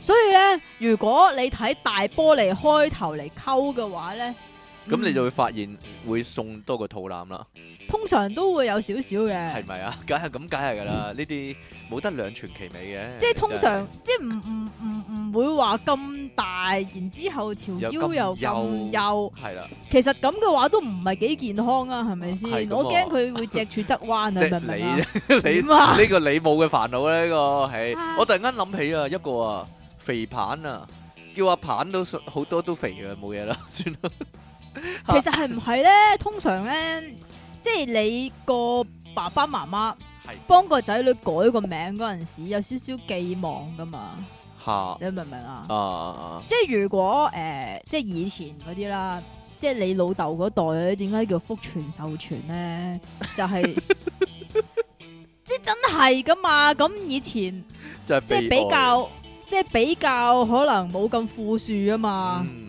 Speaker 2: 所以呢，如果你睇大波嚟，開頭嚟溝嘅話呢。咁你
Speaker 1: 就會發現會送多個肚腩啦，
Speaker 2: 通常都會有少少嘅，係
Speaker 1: 咪啊？梗係咁，梗係㗎啦！呢啲冇得兩全其美嘅，即係通常
Speaker 2: 即係唔唔唔唔會話咁大，然之後條腰又又幼。係啦。其實咁嘅話都唔係幾健康啊，係咪先？我驚佢會脊柱側彎啊！明唔明啊？你呢個
Speaker 1: 你冇嘅煩惱咧，呢個係我突然間諗起啊，一個啊肥棒啊，叫阿棒都好多都肥嘅，冇嘢啦，算啦。
Speaker 2: 其實係唔係咧？通常咧，即係你個爸爸媽媽幫個仔女改個名嗰陣時，有少少寄望噶嘛。吓，哈 你明唔明啊？
Speaker 1: 啊即
Speaker 2: 如果、呃，即係如果誒，即係以前嗰啲啦，即係你老豆嗰代點解叫福傳授傳咧？就係、是、 <laughs> 即真係噶嘛。咁以前
Speaker 1: 即係比較，
Speaker 2: 愛 即係比較可能冇咁富庶啊嘛。嗯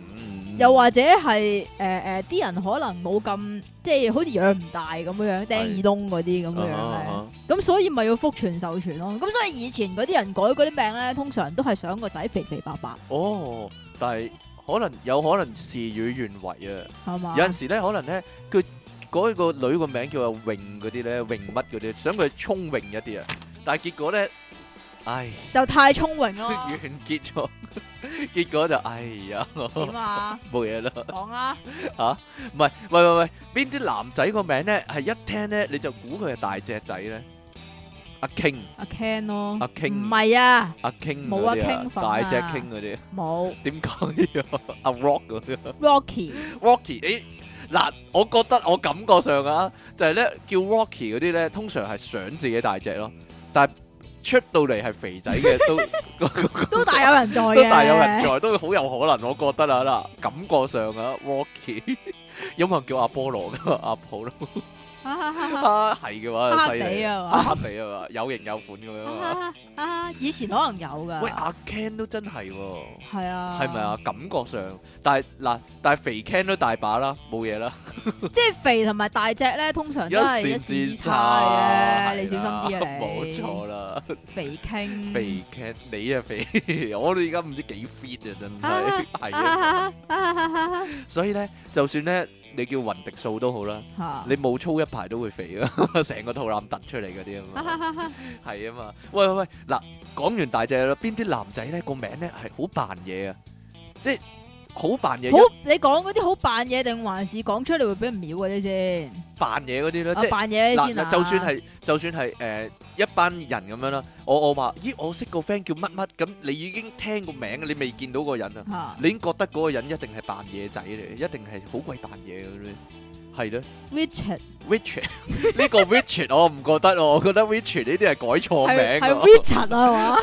Speaker 2: 又或者係誒誒，啲、呃呃、人可能冇咁即係，好似養唔大咁樣樣，掟耳窿嗰啲咁樣樣咁、uh huh, uh huh. 所以咪要福傳授傳咯。咁所以以前嗰啲人改嗰啲名咧，通常都係想個仔肥肥白白。
Speaker 1: 哦，但係可能有可能事與願違啊。係嘛。有陣時咧，可能咧佢改個女個名叫阿穎嗰啲咧，穎乜嗰啲，想佢聰穎一啲啊。但係結果咧。唉，就太聰明咯，完結咗，結果就唉呀，冇嘢啦，講啦，吓，唔係，唔係，唔係，邊啲男仔個名咧係一聽咧你就估佢係大隻仔咧？阿 king，阿
Speaker 2: ken 咯，阿
Speaker 1: king，唔係啊，阿 king，冇阿 king，大隻 king 嗰啲，冇，點講呢個？阿 rock 嗰啲
Speaker 2: ，rocky，rocky，
Speaker 1: 誒，嗱，我覺得我感覺上啊，就係咧叫 rocky 嗰啲咧，通常係想自己大隻咯，但係。出到嚟係肥仔嘅都
Speaker 2: 都大有人在， <laughs> 都大有人在，
Speaker 1: 都好有可能，我覺得啊啦，感覺上啊 Walkie <laughs> 有冇人叫阿菠蘿啊， <laughs> 阿普蘿。啊，係嘅話，死啊！死啊嘛！有型有款咁樣
Speaker 2: 啊！以前可能有噶。喂，阿
Speaker 1: Ken 都真係喎。
Speaker 2: 係啊。係咪啊？
Speaker 1: 感覺上，但係嗱，但係肥 Ken 都大把啦，冇嘢啦。
Speaker 2: 即係肥同埋大隻咧，通常都係一線之差嘅，你小心啲啊！冇
Speaker 1: 錯啦，肥
Speaker 2: Ken。肥
Speaker 1: Ken，你啊肥，我哋而家唔知幾 fit 啊真。係啊。所以咧，就算咧。你叫雲迪數都好啦，哈你冇操一排都會肥啊，成 <laughs> 個肚腩凸出嚟嗰啲啊嘛，係啊 <laughs> <laughs> 嘛，喂喂喂，嗱，講完大隻啦，邊啲男仔咧、個名咧係好扮嘢啊，即係。好扮嘢，一你好
Speaker 2: 你講嗰啲好扮嘢定還是講出嚟會俾人秒嗰啲先，啊？
Speaker 1: 扮嘢嗰啲咧，即係扮嘢先啊就算係就算係誒、呃、一班人咁樣啦，我我話咦我識個 friend 叫乜乜，咁你已經聽個名，你未見到個人啊，你已經覺得嗰個人一定係扮嘢仔嚟，一定係好鬼扮嘢嗰啲。係咯
Speaker 2: ，Richard，Richard，
Speaker 1: 呢個 Richard 我唔覺得，我覺得 Richard 呢啲係改錯名。係 Richard 啊嘛，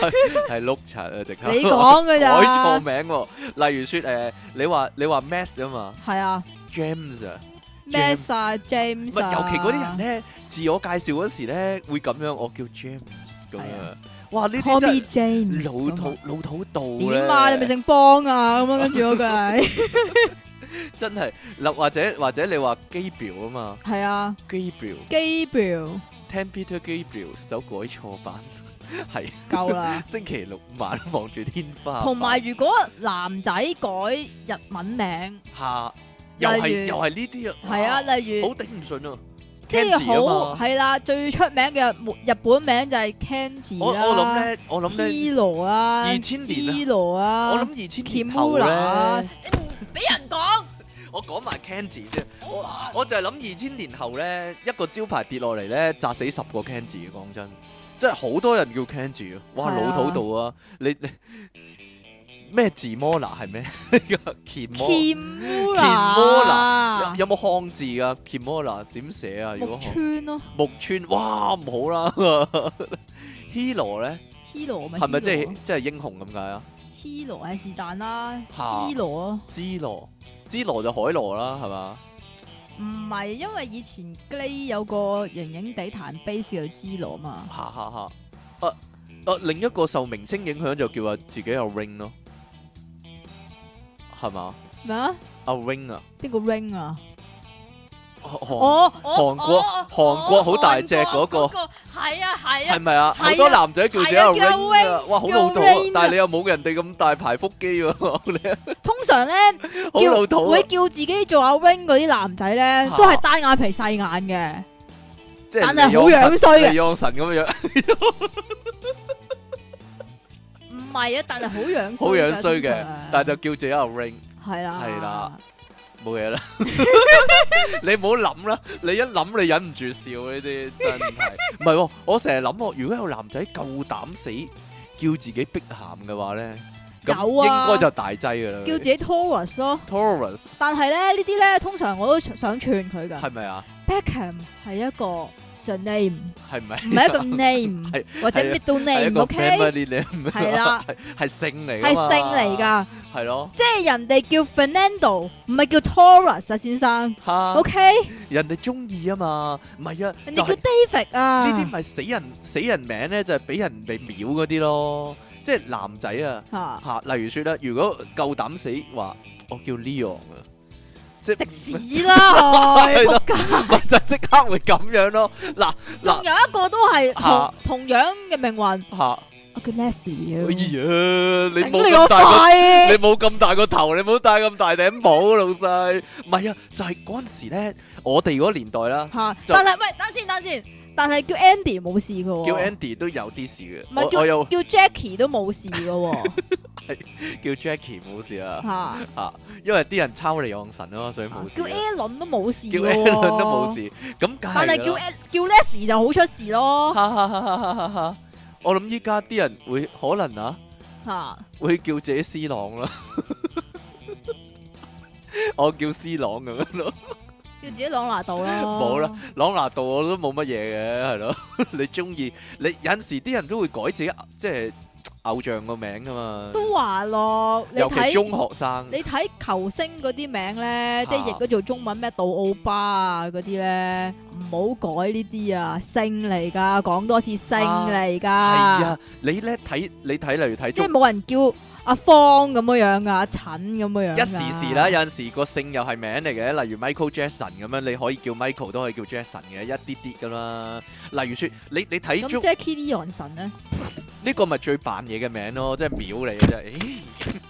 Speaker 1: 係六陳啊，直頭。你講噶就改錯名，例如說誒，你話你話 Mass 啊嘛。係啊 James 啊
Speaker 2: Mass 啊 James。尤其嗰啲人咧，
Speaker 1: 自我介紹嗰時咧，會咁樣，我叫 James 咁樣。哇，呢啲
Speaker 2: 真老土，
Speaker 1: 老土到咧。點啊？你咪姓
Speaker 2: 邦啊？咁樣跟住嗰句。
Speaker 1: 真係，或或者或者你話機表啊嘛，係啊，機表，機表，聽 Peter Gabriel 手改錯版，係夠啦，星期六晚望住天花，同埋
Speaker 2: 如果男仔改日文名，
Speaker 1: 下又係又係呢啲啊，係啊，啊啊例如好頂唔順啊。
Speaker 2: 即係好係啦，最出名嘅日本名就係 Kenji 我啦，C 羅啊，C 羅啊，我諗二千年後咧， <music> 你唔
Speaker 1: 俾人講， <music> 我講埋 Kenji 我就係諗二千年後咧，一個招牌跌落嚟咧，砸死十個 Kenji 嘅，講真，即係好多人叫 Kenji 哇、啊、老土到啊，你你。 <laughs> 咩字摩啦係咩？鉛
Speaker 2: 摩啦，
Speaker 1: 有冇漢字啊？鉛摩啦？點寫啊？如果村咯，木村、啊、木村哇唔好啦 <laughs> Hero 咧
Speaker 2: Hero 咪係咪即係
Speaker 1: 即係英雄咁解啊
Speaker 2: ？Hero 係是但啦，之、啊、羅
Speaker 1: 之羅之羅就海羅啦，係嘛？
Speaker 2: 唔係，因為以前 G 有個影影地彈 bass 嘅之羅嘛。哈哈哈！
Speaker 1: 誒、啊、誒、啊啊，另一個受明星影響就叫啊自己有 Ring 咯。係嘛？咩啊？阿 Wing 啊？
Speaker 2: 邊個 Wing 啊？
Speaker 1: 韓哦韓國韓國好大隻嗰個
Speaker 2: 係啊係啊係咪啊？好多男仔叫自己阿 Wing 啊！哇好老土，但係你
Speaker 1: 又冇人哋咁大排腹肌喎！
Speaker 2: 通常咧好老土會叫自己做阿 Wing 嗰啲男仔咧，都係單眼皮細眼嘅，但係好樣衰嘅，
Speaker 1: 楊神咁樣。
Speaker 2: 唔係啊，但係好樣衰，好樣衰嘅，
Speaker 1: 但係就叫自己阿 Ring，係啦，係啦，冇嘢啦。 <laughs> <laughs> 你唔好諗啦，你一諗你忍唔住笑呢啲真係。唔係、 <laughs> 哦，我成日諗，如果有男仔夠膽死叫自己碧咸嘅話咧，有啊，應該就大劑噶啦，叫自己
Speaker 2: Taurus 咯 Taurus 但係咧呢啲咧，通常我都想串佢噶，係咪啊？Beckham 係一個。全名
Speaker 1: 係咪？唔係一個 name，或者 middle name，OK？係啦，係姓嚟，係姓嚟噶，係咯。即
Speaker 2: 係人哋叫 Fernando，唔係叫 Torres 啊，先生。吓，OK？
Speaker 1: 人哋中意啊嘛，唔係啊，人哋叫
Speaker 2: David 啊。呢啲
Speaker 1: 咪死人死人名咧，就係俾人哋秒嗰啲咯。即係男仔啊，吓，例如說啦，如果夠膽死話，我叫 Leon 啊。即食屎啦，仆街！就即刻會咁樣咯。嗱，仲有一
Speaker 2: 個都係同同樣嘅命運。吓，我叫 Nancy 啊。
Speaker 1: Ie, 哎呀，你冇咁大個，你冇咁、啊、大個頭，你冇戴咁大頂帽，老細。唔係啊，就係嗰陣時咧，我哋嗰年代啦。吓、啊，但係
Speaker 2: 喂，等先，等先。但係叫 Andy 冇事噶、啊啊， <laughs> 叫 Andy
Speaker 1: 都有啲事嘅，唔係叫叫
Speaker 2: Jacky 都冇事噶，係
Speaker 1: 叫 Jacky 冇事啊，吓，因為啲人抄離岸神咯，所以冇事、啊！叫 Alan 都冇事，叫 Alan 都冇事，咁但係叫
Speaker 2: 叫 Les 就好出事咯， <laughs>
Speaker 1: 我諗依家啲人會可能啊吓，啊會叫自己師朗啦， <laughs> 我叫師朗咁咯。 <laughs>
Speaker 2: 叫自己朗拿度咯，冇啦，
Speaker 1: 朗拿度我都冇乜嘢嘅，係咯， <laughs> 你中意，你有時啲人都會改自己即係偶像個名噶嘛，都話
Speaker 2: 咯，你睇看尤其中學生，你睇球星嗰啲名咧，即係譯咗做中文咩杜奧巴啊嗰啲咧，唔好改呢啲啊，姓嚟噶，講多次姓嚟噶。係啊，
Speaker 1: 你咧睇你睇例如睇即係冇
Speaker 2: 人叫。阿方咁樣樣噶，阿陳咁樣樣。一時時啦，有
Speaker 1: 陣時個姓又係名嚟嘅，例如 Michael Jackson 咁樣，你可以叫 Michael 都可以叫 Jackson 嘅，一啲啲噶啦。例如說，你你睇咗 Jackie
Speaker 2: Chan 神咧？
Speaker 1: 呢個咪最扮嘢嘅名咯，即係表嚟嘅啫。哎 <laughs>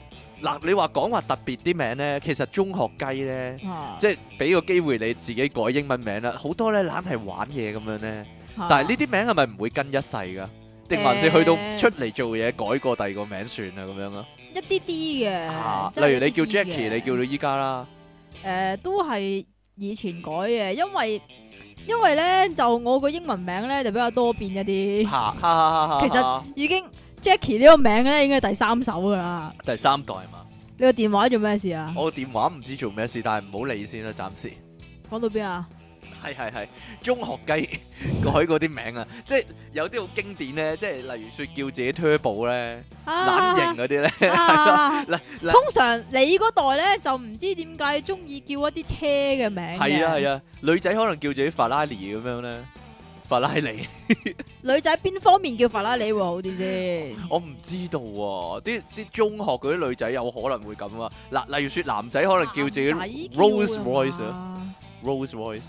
Speaker 1: 嗱，你話講話特別啲名咧，其實中學雞咧，啊、即係俾個機會你自己改英文名啦。好多咧，懶係玩嘢咁樣咧。啊、但係呢啲名係咪唔會跟一世噶？定、啊、還是去到出嚟做嘢改個第二個名算點點啊？咁樣咯，
Speaker 2: 一啲啲嘅。例如你叫 Jackie，你叫到依家啦。誒、啊，都係以前改嘅，因為因為咧就我個英文名咧就比較多變一啲。嚇！其實已經、啊。Jacky 呢個名咧，應該係第三首噶啦。
Speaker 1: 第三代嘛。
Speaker 2: 呢個電話做咩事啊？我
Speaker 1: 個電話唔知做咩事，但係唔好理先啦，暫時。
Speaker 2: 講到邊啊？
Speaker 1: 係係係，中學雞 <laughs> 改過啲名啊，即係有啲好經典咧，即係例如說叫自己 Turbo 咧，
Speaker 2: 啊，懶型嗰啲咧。
Speaker 1: 啊、 <laughs> 通常
Speaker 2: 你嗰代咧就唔知點解中意叫一啲車嘅名。係啊係啊，啊，
Speaker 1: 女仔可能叫自己法拉利咁樣咧。法佛拉利 <laughs> ，
Speaker 2: 女仔邊方面叫法拉利會好啲先？
Speaker 1: 我唔知道啊，啲啲中學嗰啲女仔有可能會咁啊。嗱，例如說男仔可能叫自己 r o s e s Royce 啊 r o s e s Royce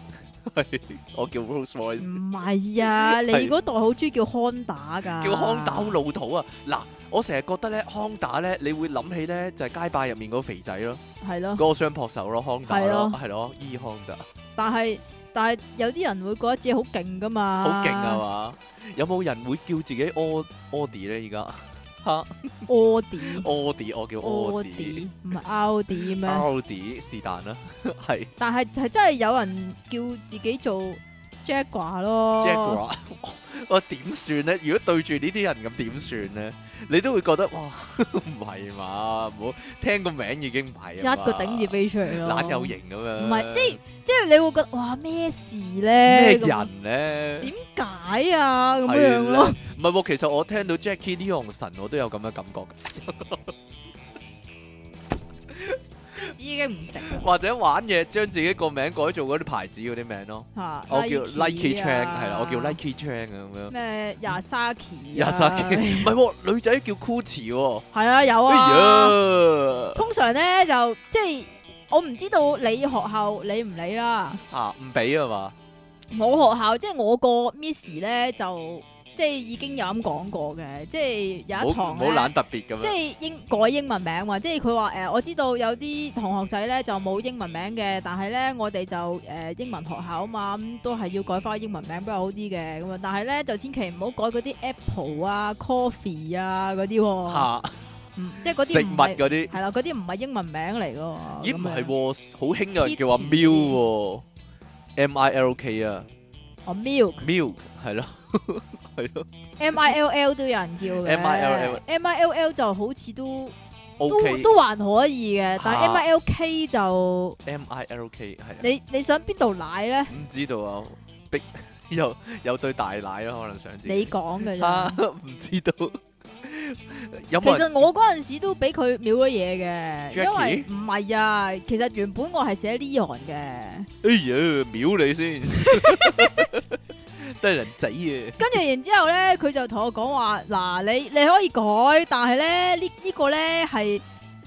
Speaker 1: <laughs> <laughs> 我叫 r o s e s Royce
Speaker 2: 唔係啊， <laughs> 是你嗰代好中意叫康打 n 噶，叫康打
Speaker 1: 好老土啊。嗱、啊，我成日覺得咧康打 n 咧你會諗起咧就係、是、街霸入面個肥仔咯，係
Speaker 2: 咯，嗰個
Speaker 1: 雙膊手咯康 o n d a 咯，係咯，E 康 o
Speaker 2: 但係。但係有啲人會覺得自己好勁噶嘛？好勁係嘛？
Speaker 1: 有冇人會叫自己奧迪咧？而家吓
Speaker 2: 奧迪奧
Speaker 1: 迪我叫奧迪
Speaker 2: 唔係奧迪咩？奧
Speaker 1: 迪是、R、D, <laughs> 是但啦，係
Speaker 2: 但係就係真係有人叫自己做。j a c k 咯 j a r 咯，我點
Speaker 1: Jag uar? <laughs> 算咧？如果對住呢啲人咁點算咧？你都會覺得哇，唔係嘛？唔好聽個名已經係一個頂
Speaker 2: 住飛出嚟咯，懶有型
Speaker 1: 咁樣。唔係，即係
Speaker 2: 即係你會覺得哇咩事咧？咩
Speaker 1: 人咧？點
Speaker 2: 解啊？咁樣咯？
Speaker 1: 唔係喎， <laughs> <laughs> 其實我聽到 Jackie 呢 e 神，我都有咁嘅感覺嘅。 <laughs>
Speaker 2: 已經唔值，
Speaker 1: <laughs> 或者玩嘢，將自己個名改做嗰啲牌子嗰啲名咯。吓、啊，我叫 Nike Chain 係啦，我叫 Nike Chain 咁樣。咩、啊？
Speaker 2: 廿 Y Saki as、 <laughs> <laughs> <laughs> 啊。廿 Saki 唔係，
Speaker 1: 女仔叫 Gucci。
Speaker 2: 係啊，有啊。
Speaker 1: Yeah.
Speaker 2: 通常咧就即係我唔知道你學校理唔理啦。
Speaker 1: 吓、啊，唔俾啊嘛。
Speaker 2: 我 <laughs> 學校即係我個 Miss 咧就。即係已經有咁講過嘅，即係有一堂咧，即係英改英文名喎。即係佢話誒，我知道有啲同學仔咧就冇英文名嘅，但係咧我哋就誒英文學校啊嘛，咁都係要改返英文名比較好啲嘅咁啊。但係咧就千祈唔好改嗰啲 Apple 啊、Coffee 啊嗰啲喎嚇，嗯，即係嗰啲食物嗰啲係啦，嗰啲唔係英文名嚟嘅，
Speaker 1: 唔係好興啊，叫話 Milk 喎，M I L K 啊，哦 Milk，Milk 係咯。
Speaker 2: 係咯，M I L L 都有人叫嘅，mm、，M,、okay. M I L L M I L L 就好似都
Speaker 1: O K 都還
Speaker 2: 可以嘅，但係 M I L K 就
Speaker 1: M I L K 係
Speaker 2: 你你想邊度奶咧？
Speaker 1: 唔知道啊， <laughs> 有有對大奶咯，可能想知。你講嘅啫，唔知
Speaker 2: 道、嗯。啊、 <laughs> 其實我嗰陣時都俾佢秒咗嘢嘅，因為唔係啊。其實原本我係寫 Leon 嘅，
Speaker 1: 哎呀，秒你先。 <laughs> Finding <laughs> 都係人仔嘅。
Speaker 2: <laughs> 跟住然之後咧，佢就同我講話：嗱，你你可以改，但係咧呢呢個咧係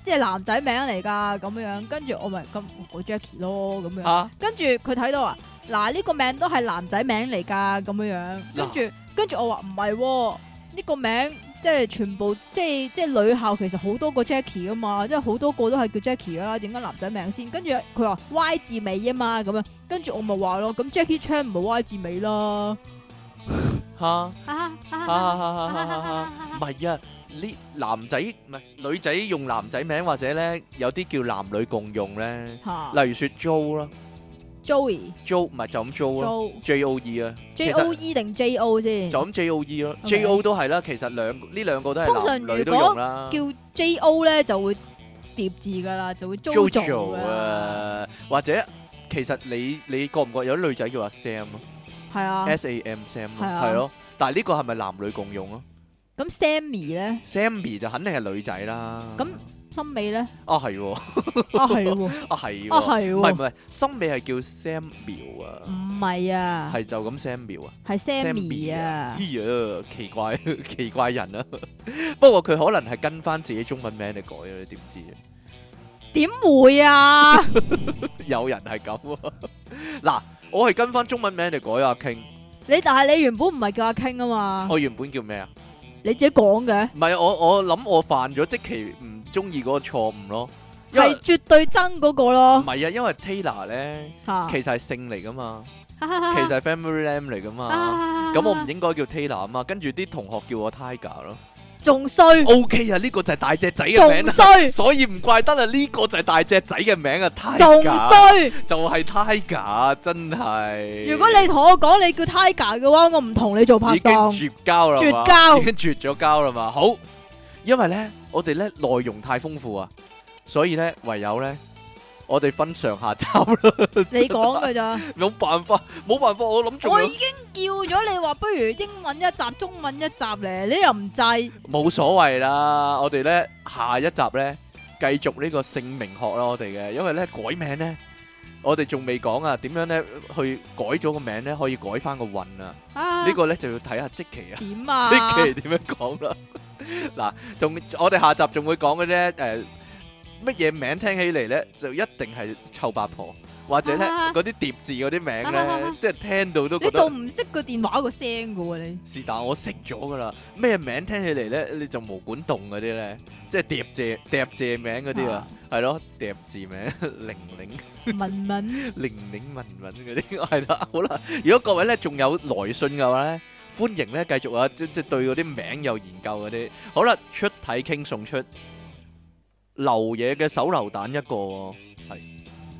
Speaker 2: 即係男仔名嚟噶咁樣。跟住我咪咁改 Jackie 咯咁樣。啊！咁樣。跟住佢睇到啊，嗱呢個名都係男仔名嚟噶咁樣。跟住跟住我話唔係呢個名。即係全部，即係即係女校其實好多個 Jacky 噶嘛，即係好多個都係叫 Jacky 啦。點解男仔名先？跟住佢話 Y 字尾啊嘛，咁啊，跟住我咪話咯。咁 Jacky Chan 唔係 Y 字尾啦，
Speaker 1: 吓，唔係呀，呢男仔，唔係，女仔用男仔名，或者呢，有啲叫男女共用呢，例如說 Joe 囉。Joey，Jo 唔係就咁 Jo 咯，J O E 啊，J O E
Speaker 2: 定 J O 先，
Speaker 1: 就咁 J O E 咯，J O 都係啦。其實兩呢兩個都係男女都用啦。叫
Speaker 2: J O 咧就會疊字噶啦，就會 JoJo 啊。
Speaker 1: 或者其實你你覺唔覺有啲女仔叫阿 Sam 啊？
Speaker 2: 係啊，S A
Speaker 1: M Sam 係咯。但係呢個係咪男女共用啊？
Speaker 2: 咁 Sammy 咧
Speaker 1: ？Sammy 就肯定係女仔啦。咁。
Speaker 2: 森美咧？啊係，啊係，啊係，啊係，唔係唔係，森美
Speaker 1: 係叫 Sammy 啊？唔
Speaker 2: 係啊，係
Speaker 1: 就咁 Sammy 啊，係 Sammy 啊？咦呀，奇怪，奇怪人啊！不過佢可能係跟翻自己中文名嚟改啊？你點知啊？
Speaker 2: 點會啊？
Speaker 1: 有人係咁啊？嗱，我係跟翻中文名嚟改阿 King。
Speaker 2: 你但係你原本唔係叫阿 King 啊嘛？我
Speaker 1: 原本叫咩啊？
Speaker 2: 你自己講嘅。
Speaker 1: 唔係我我諗我犯咗即期唔。中意嗰個錯誤咯，係
Speaker 2: 絕對真嗰個咯。唔
Speaker 1: 係啊，因為 Taylor 咧、啊、其實係姓嚟噶嘛，
Speaker 2: 啊啊、其實係
Speaker 1: Family Name 嚟噶嘛。咁、啊啊啊、我唔應該叫 Taylor 啊嘛，跟住啲同學叫我 Tiger 咯，仲衰。OK 啊，呢、呢個就係大隻仔嘅名，仲衰。 <laughs> 所以唔怪得啦，呢個就係大隻仔嘅名啊，Tiger。仲衰， <laughs> 就係 Tiger 真係。如果你
Speaker 2: 同我講你叫 Tiger 嘅話，我唔同你做拍檔，已經
Speaker 1: 絕交啦，絕交，已經絕咗交啦嘛。好，因為咧。我哋咧內容太豐富啊，所以咧唯有咧，我哋分上下集咯。
Speaker 2: 你講嘅咋？
Speaker 1: 冇辦法，冇辦法，我諗住。我已經
Speaker 2: 叫咗你話，不如英文一集，中文一集咧，你又唔制。
Speaker 1: 冇所謂啦，我哋咧下一集咧繼續呢個姓名學咯，我哋嘅，因為咧改名咧。我哋仲未講啊，點樣咧去改咗個名咧，可以改翻個運啊？呢個咧就要睇下即期啊，點啊？即期點樣講啦？嗱，仲我哋下集仲會講嘅咧，誒乜嘢名聽起嚟咧，就一定係臭八婆，或者咧嗰啲疊字嗰啲名咧，即係聽到都覺得你仲
Speaker 2: 唔識個電話個聲噶喎？你
Speaker 1: 是但我識咗噶啦，咩名聽起嚟咧，你就無管動嗰啲咧，即係疊字疊字名嗰啲啊，係咯，疊字名零零。
Speaker 2: 文文、
Speaker 1: 玲玲、文文嗰啲，係啦，好啦。如果各位咧仲有來信嘅話咧，歡迎咧繼續啊！即即對嗰啲名有研究嗰啲，好啦，出體 king 送出留嘢嘅手榴彈一個，係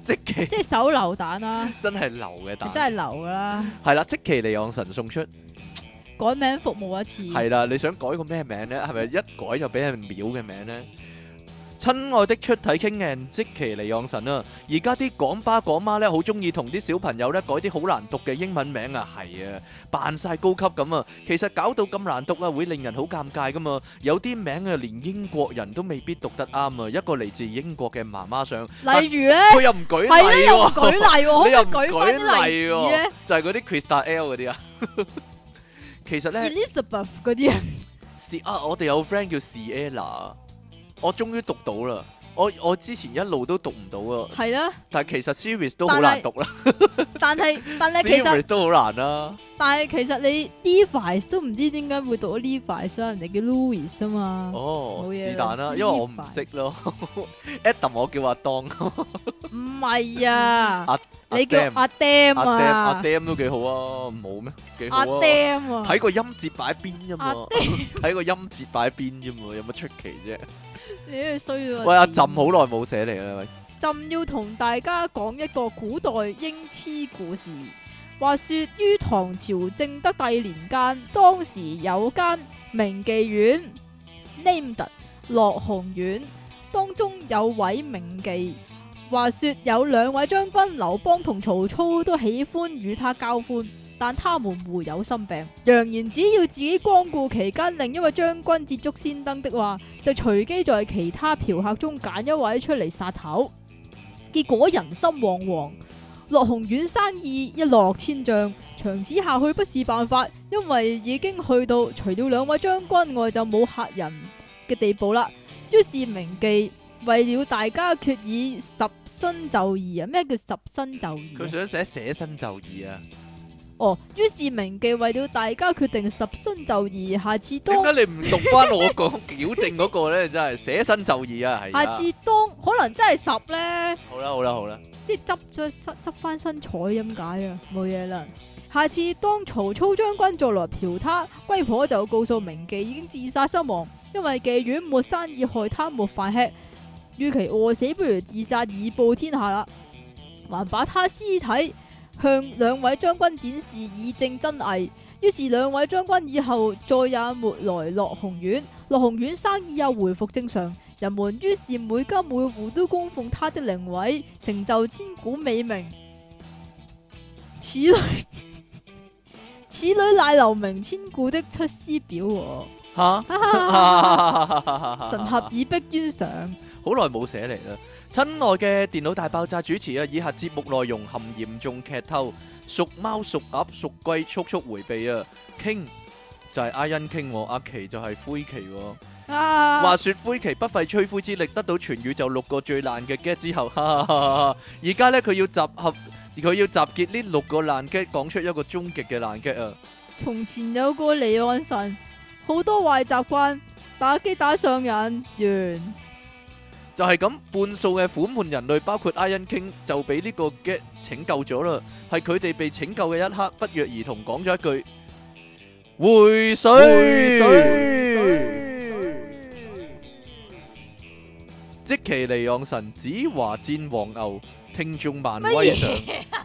Speaker 1: 積淇即
Speaker 2: 手榴彈啦，真係
Speaker 1: 留嘅彈，真係
Speaker 2: 留噶啦，
Speaker 1: 係啦，積淇離岸神送出
Speaker 2: 改名服務一次，係
Speaker 1: 啦，你想改個咩名咧？係咪一改就俾人秒嘅名咧？親愛的出體 king，積淇離岸神啦。而家啲港爸港媽咧，好中意同啲小朋友咧改啲好難讀嘅英文名啊。係啊，扮晒高級咁啊。其實搞到咁難讀啊，會令人好尷尬噶嘛。有啲名啊，連英國人都未必讀得啱啊。一個嚟自英國嘅媽媽想，例如咧，佢又唔舉例喎，你又舉例喎，好唔舉例字咧，就係嗰啲 Crystal L 嗰啲啊。其實咧
Speaker 2: ，Elizabeth 嗰啲啊，
Speaker 1: 是啊，我哋有 friend 叫 Sienna。我終於讀到啦！我我之前一路都讀唔到啊。係啦，但係其實 series 都好難讀啦。
Speaker 2: 但係但係其實
Speaker 1: 都好難啦。
Speaker 2: 但係其實你 Device 都唔知點解會讀到 Device，所以人哋叫 Louis 啊嘛。哦，
Speaker 1: 冇嘢，但啦，因為我唔識咯。Adam 我叫阿當，
Speaker 2: 唔係
Speaker 1: 啊。你叫阿 Dam 啊？阿 Dam 都幾好啊，冇咩幾好阿 Dam 啊？睇個音節擺邊啫嘛，睇個音節擺邊啫嘛，有乜出奇啫？
Speaker 2: 你衰啦喂、啊！喂，阿朕
Speaker 1: 好耐冇寫嚟啦，
Speaker 2: 朕要同大家講一個古代英雌故事。話說於唐朝正德帝年間，當時有間名妓院，named 落紅院，當中有位名妓。話說有兩位將軍，劉邦同曹操都喜歡與他交歡。但他們沒有心病，揚言只要自己光顧期間，另一位將軍捷足先登的話，就隨機在其他嫖客中揀一位出嚟殺頭。結果人心惶惶，落紅院生意一落千丈，長此下去不是辦法，因為已經去到除了兩位將軍外就冇客人嘅地步啦。於是名妓為了大家決議十身就義啊，咩叫十身就義？
Speaker 1: 佢想寫捨身就義啊。
Speaker 2: 哦，於是明記為了大家決定十身就義，下次當點解你唔
Speaker 1: 讀翻我講矯正嗰個咧？ <laughs> 真係捨身就義啊！係、啊，下次
Speaker 2: 當可能真係十咧。
Speaker 1: 好啦好啦好啦，
Speaker 2: 即係執再執翻新彩咁解啊，冇嘢啦。下次當曹操將軍再來嫖他，龜婆就告訴明記已經自殺身亡，因為妓院沒生意害，害他沒飯吃，與其餓死，不如自殺以報天下啦，還把他屍體。向兩位將軍展示，以正真偽，於是兩位將軍以後再也沒來落紅院，落紅院生意又回復正常，人們於是每家每戶都供奉他的靈位，成就千古美名。此女， <laughs> 此女乃留名千古的出《出師表》 <laughs> 神俠。
Speaker 1: 神俠已
Speaker 2: 迫於上，
Speaker 1: 好耐冇寫嚟啦。親愛嘅電腦大爆炸主持啊，以下節目內容含嚴重劇透，屬貓屬鴨屬龜，速速回避啊！傾就係阿欣傾，阿、啊、奇就係灰奇、哦。
Speaker 2: 啊、話說
Speaker 1: 灰奇不費吹灰之力得到全宇宙六個最爛嘅 gag 之後，而家 <laughs> 呢，佢要集合，佢要集結呢六個爛 gag 講出一個終極嘅爛 gag 啊！
Speaker 2: 從前有個離岸神，好多壞習慣，打機打上癮，完。
Speaker 1: 就係咁，半數嘅苦悶人類，包括阿恩傾，就俾呢個 get 拯救咗啦。係佢哋被拯救嘅一刻，不約而同講咗一句：回水，積淇離岸神，子華戰黃牛，聽眾萬威上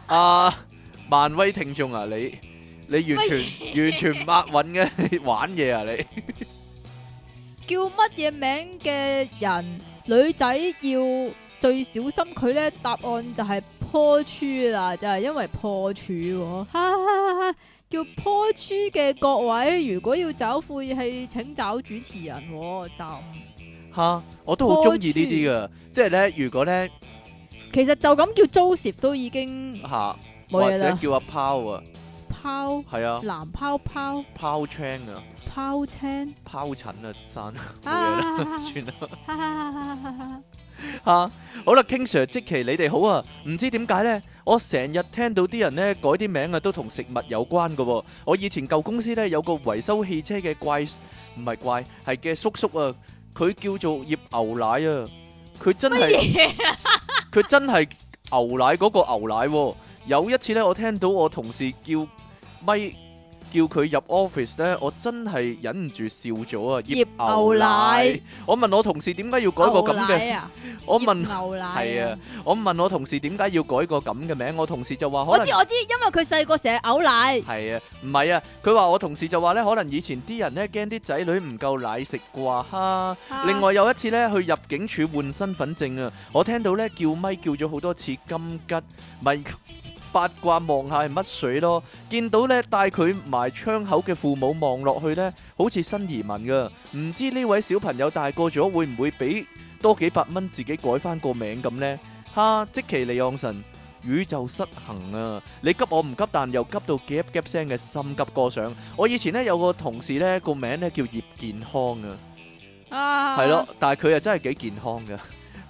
Speaker 1: 啊！萬威聽眾啊，你你完全完全唔押韻嘅，玩嘢啊！你
Speaker 2: 叫乜嘢名嘅人？女仔要最小心佢咧，答案就係破處啦，就係、是、因為破處。叫破處嘅各位，如果要找晦氣，請找主持人。就
Speaker 1: 吓，我都好中意呢啲噶，即係咧，如果咧，
Speaker 2: 其實就咁叫租蝕都已經
Speaker 1: 吓，冇嘢啦哈叫阿拋啊。
Speaker 2: 拋係啊，藍拋拋
Speaker 1: 拋青啊，
Speaker 2: 拋青
Speaker 1: 拋塵啊，散啦，算啦，
Speaker 2: 吓
Speaker 1: 好啦，King Sir，積淇你哋好啊，唔知點解咧，我成日聽到啲人咧改啲名啊，都同食物有關噶，我以前舊公司咧有個維修汽車嘅怪，唔係怪係嘅叔叔啊，佢叫做葉牛奶啊，佢真係佢真係牛奶嗰個牛奶，有一次咧我聽到我同事叫。咪叫佢入 office 咧，我真係忍唔住笑咗啊！葉牛奶，我問我同事點解要改個咁嘅，
Speaker 2: 我問牛奶係啊，
Speaker 1: 我問我同事點解要改個咁嘅名，我同事就話我知我
Speaker 2: 知，因為佢細個成日嘔奶。
Speaker 1: 係啊，唔係啊，佢話我同事就話咧，可能以前啲人咧驚啲仔女唔夠奶食啩哈。另外有一次咧，去入境處換身份證啊，我聽到咧叫咪叫咗好多次金桔咪，八卦望下係乜水咯？見到咧帶佢埋窗口嘅父母望落去咧，好似新移民噶。唔知呢位小朋友大個咗會唔會俾多幾百蚊自己改翻個名咁呢？哈！積淇離岸神，宇宙失衡啊！你急我唔急，但又急到 gap gap 聲嘅心急過上。我以前咧有個同事咧個名咧叫葉健康
Speaker 2: 啊，係咯，
Speaker 1: 但係佢又真係幾健康噶。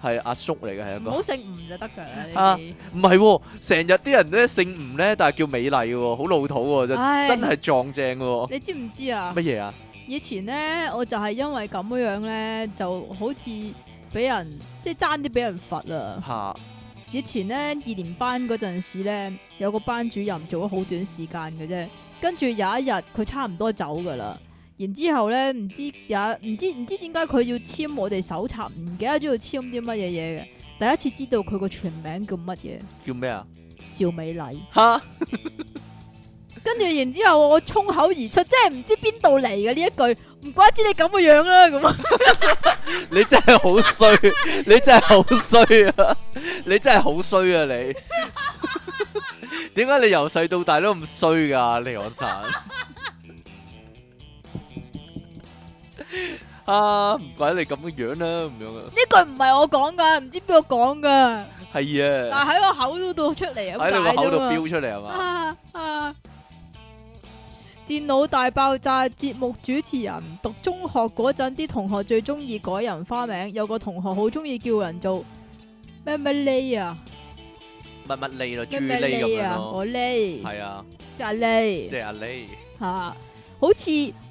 Speaker 1: 係阿、啊、叔嚟嘅，係一個。唔好姓
Speaker 2: 吳就得嘅啦。呢啲
Speaker 1: 唔係喎，成日啲人咧姓吳咧，但係叫美麗喎、哦，好老土喎、哦，唉真真係撞正喎、哦。你
Speaker 2: 知唔知啊？乜嘢啊？以前咧，我就係因為咁樣咧，就好似俾人即係爭啲俾人罰啊！以前咧，二年班嗰陣時咧，有個班主任做咗好短時間嘅啫，跟住有一日佢差唔多走噶啦。然之後咧，唔知也唔知唔知點解佢要簽我哋手冊，唔記得都要簽啲乜嘢嘢嘅。第一次知道佢個全名叫乜嘢？叫咩啊？趙美麗。吓哈，跟 <laughs> 住然之後我衝口而出，即係唔知邊度嚟嘅呢一句，唔怪之你咁嘅樣啦。咁啊， <laughs> <laughs> 你真係好衰，
Speaker 1: 你真係好衰啊！你真係好衰啊！你，點 <laughs> 解你由細到大都咁衰噶、啊？你講晒。啊！唔怪你咁嘅樣啦，咁樣啊！
Speaker 2: 呢句唔係我講噶，唔知邊個講噶？
Speaker 1: 係啊！但
Speaker 2: 喺個口度出嚟咁解啫嘛！喺個口度飆出嚟係嘛？啊啊！電腦大爆炸節目主持人讀中學嗰陣，啲同學最中意改人花名，有個同學好中意叫人做乜乜 ley 啊，
Speaker 1: 乜乜 ley 咯，朱 ley 咁樣咯，我 ley 係啊，
Speaker 2: 即係 ley，即
Speaker 1: 係阿 ley
Speaker 2: 吓，好似。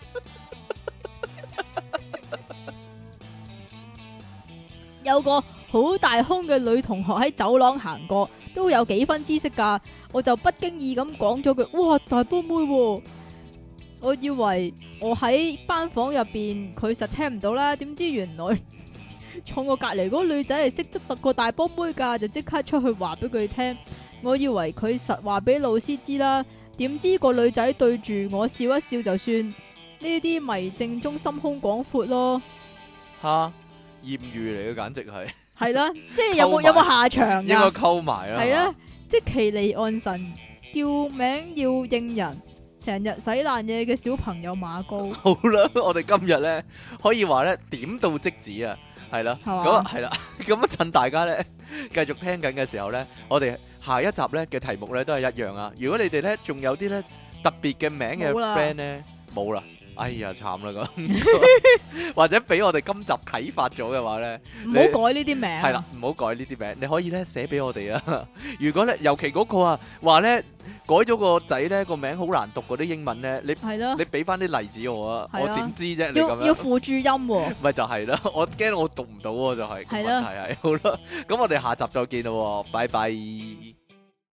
Speaker 2: 有個好大胸嘅女同學喺走廊行過，都有幾分知識噶。我就不經意咁講咗句：哇，大波妹哦！我以為我喺班房入邊，佢實聽唔到啦。點知原來 <laughs> 坐我隔籬嗰個女仔係識得個大波妹噶，就即刻出去話俾佢聽。我以為佢實話俾老師知啦，點知個女仔對住我笑一笑就算。呢啲咪正中心胸廣闊咯。
Speaker 1: 吓！豔遇嚟嘅，簡直係
Speaker 2: 係啦，即係有冇有冇下場啊？應該溝埋啦，係啦吧，即係積淇離岸神叫名要應人，成日洗爛嘢嘅小朋友馬高。
Speaker 1: 好啦，我哋今日咧可以話咧點到即止啊，係啦，咁係啦，咁啊趁大家咧繼續聽緊嘅時候咧，我哋下一集咧嘅題目咧都係一樣啊。如果你哋咧仲有啲咧特別嘅名嘅 friend 咧，冇啦了。哎呀，慘啦咁，那個、 <laughs> 或者俾我哋今集啟發咗嘅話咧，唔好別 你改
Speaker 2: 呢啲名、啊，係啦，
Speaker 1: 唔好改呢啲名，你可以咧寫俾我哋啊。如果咧，尤其嗰個啊，話咧改咗個仔咧個名好難讀嗰啲英文咧，你係咯，的你俾翻啲例子我啊，我點知啫？你咁樣要要輔注音，唔係就係啦。我驚我讀唔到啊，就係係咯，係係的好啦。咁我哋下集再見啦，拜拜。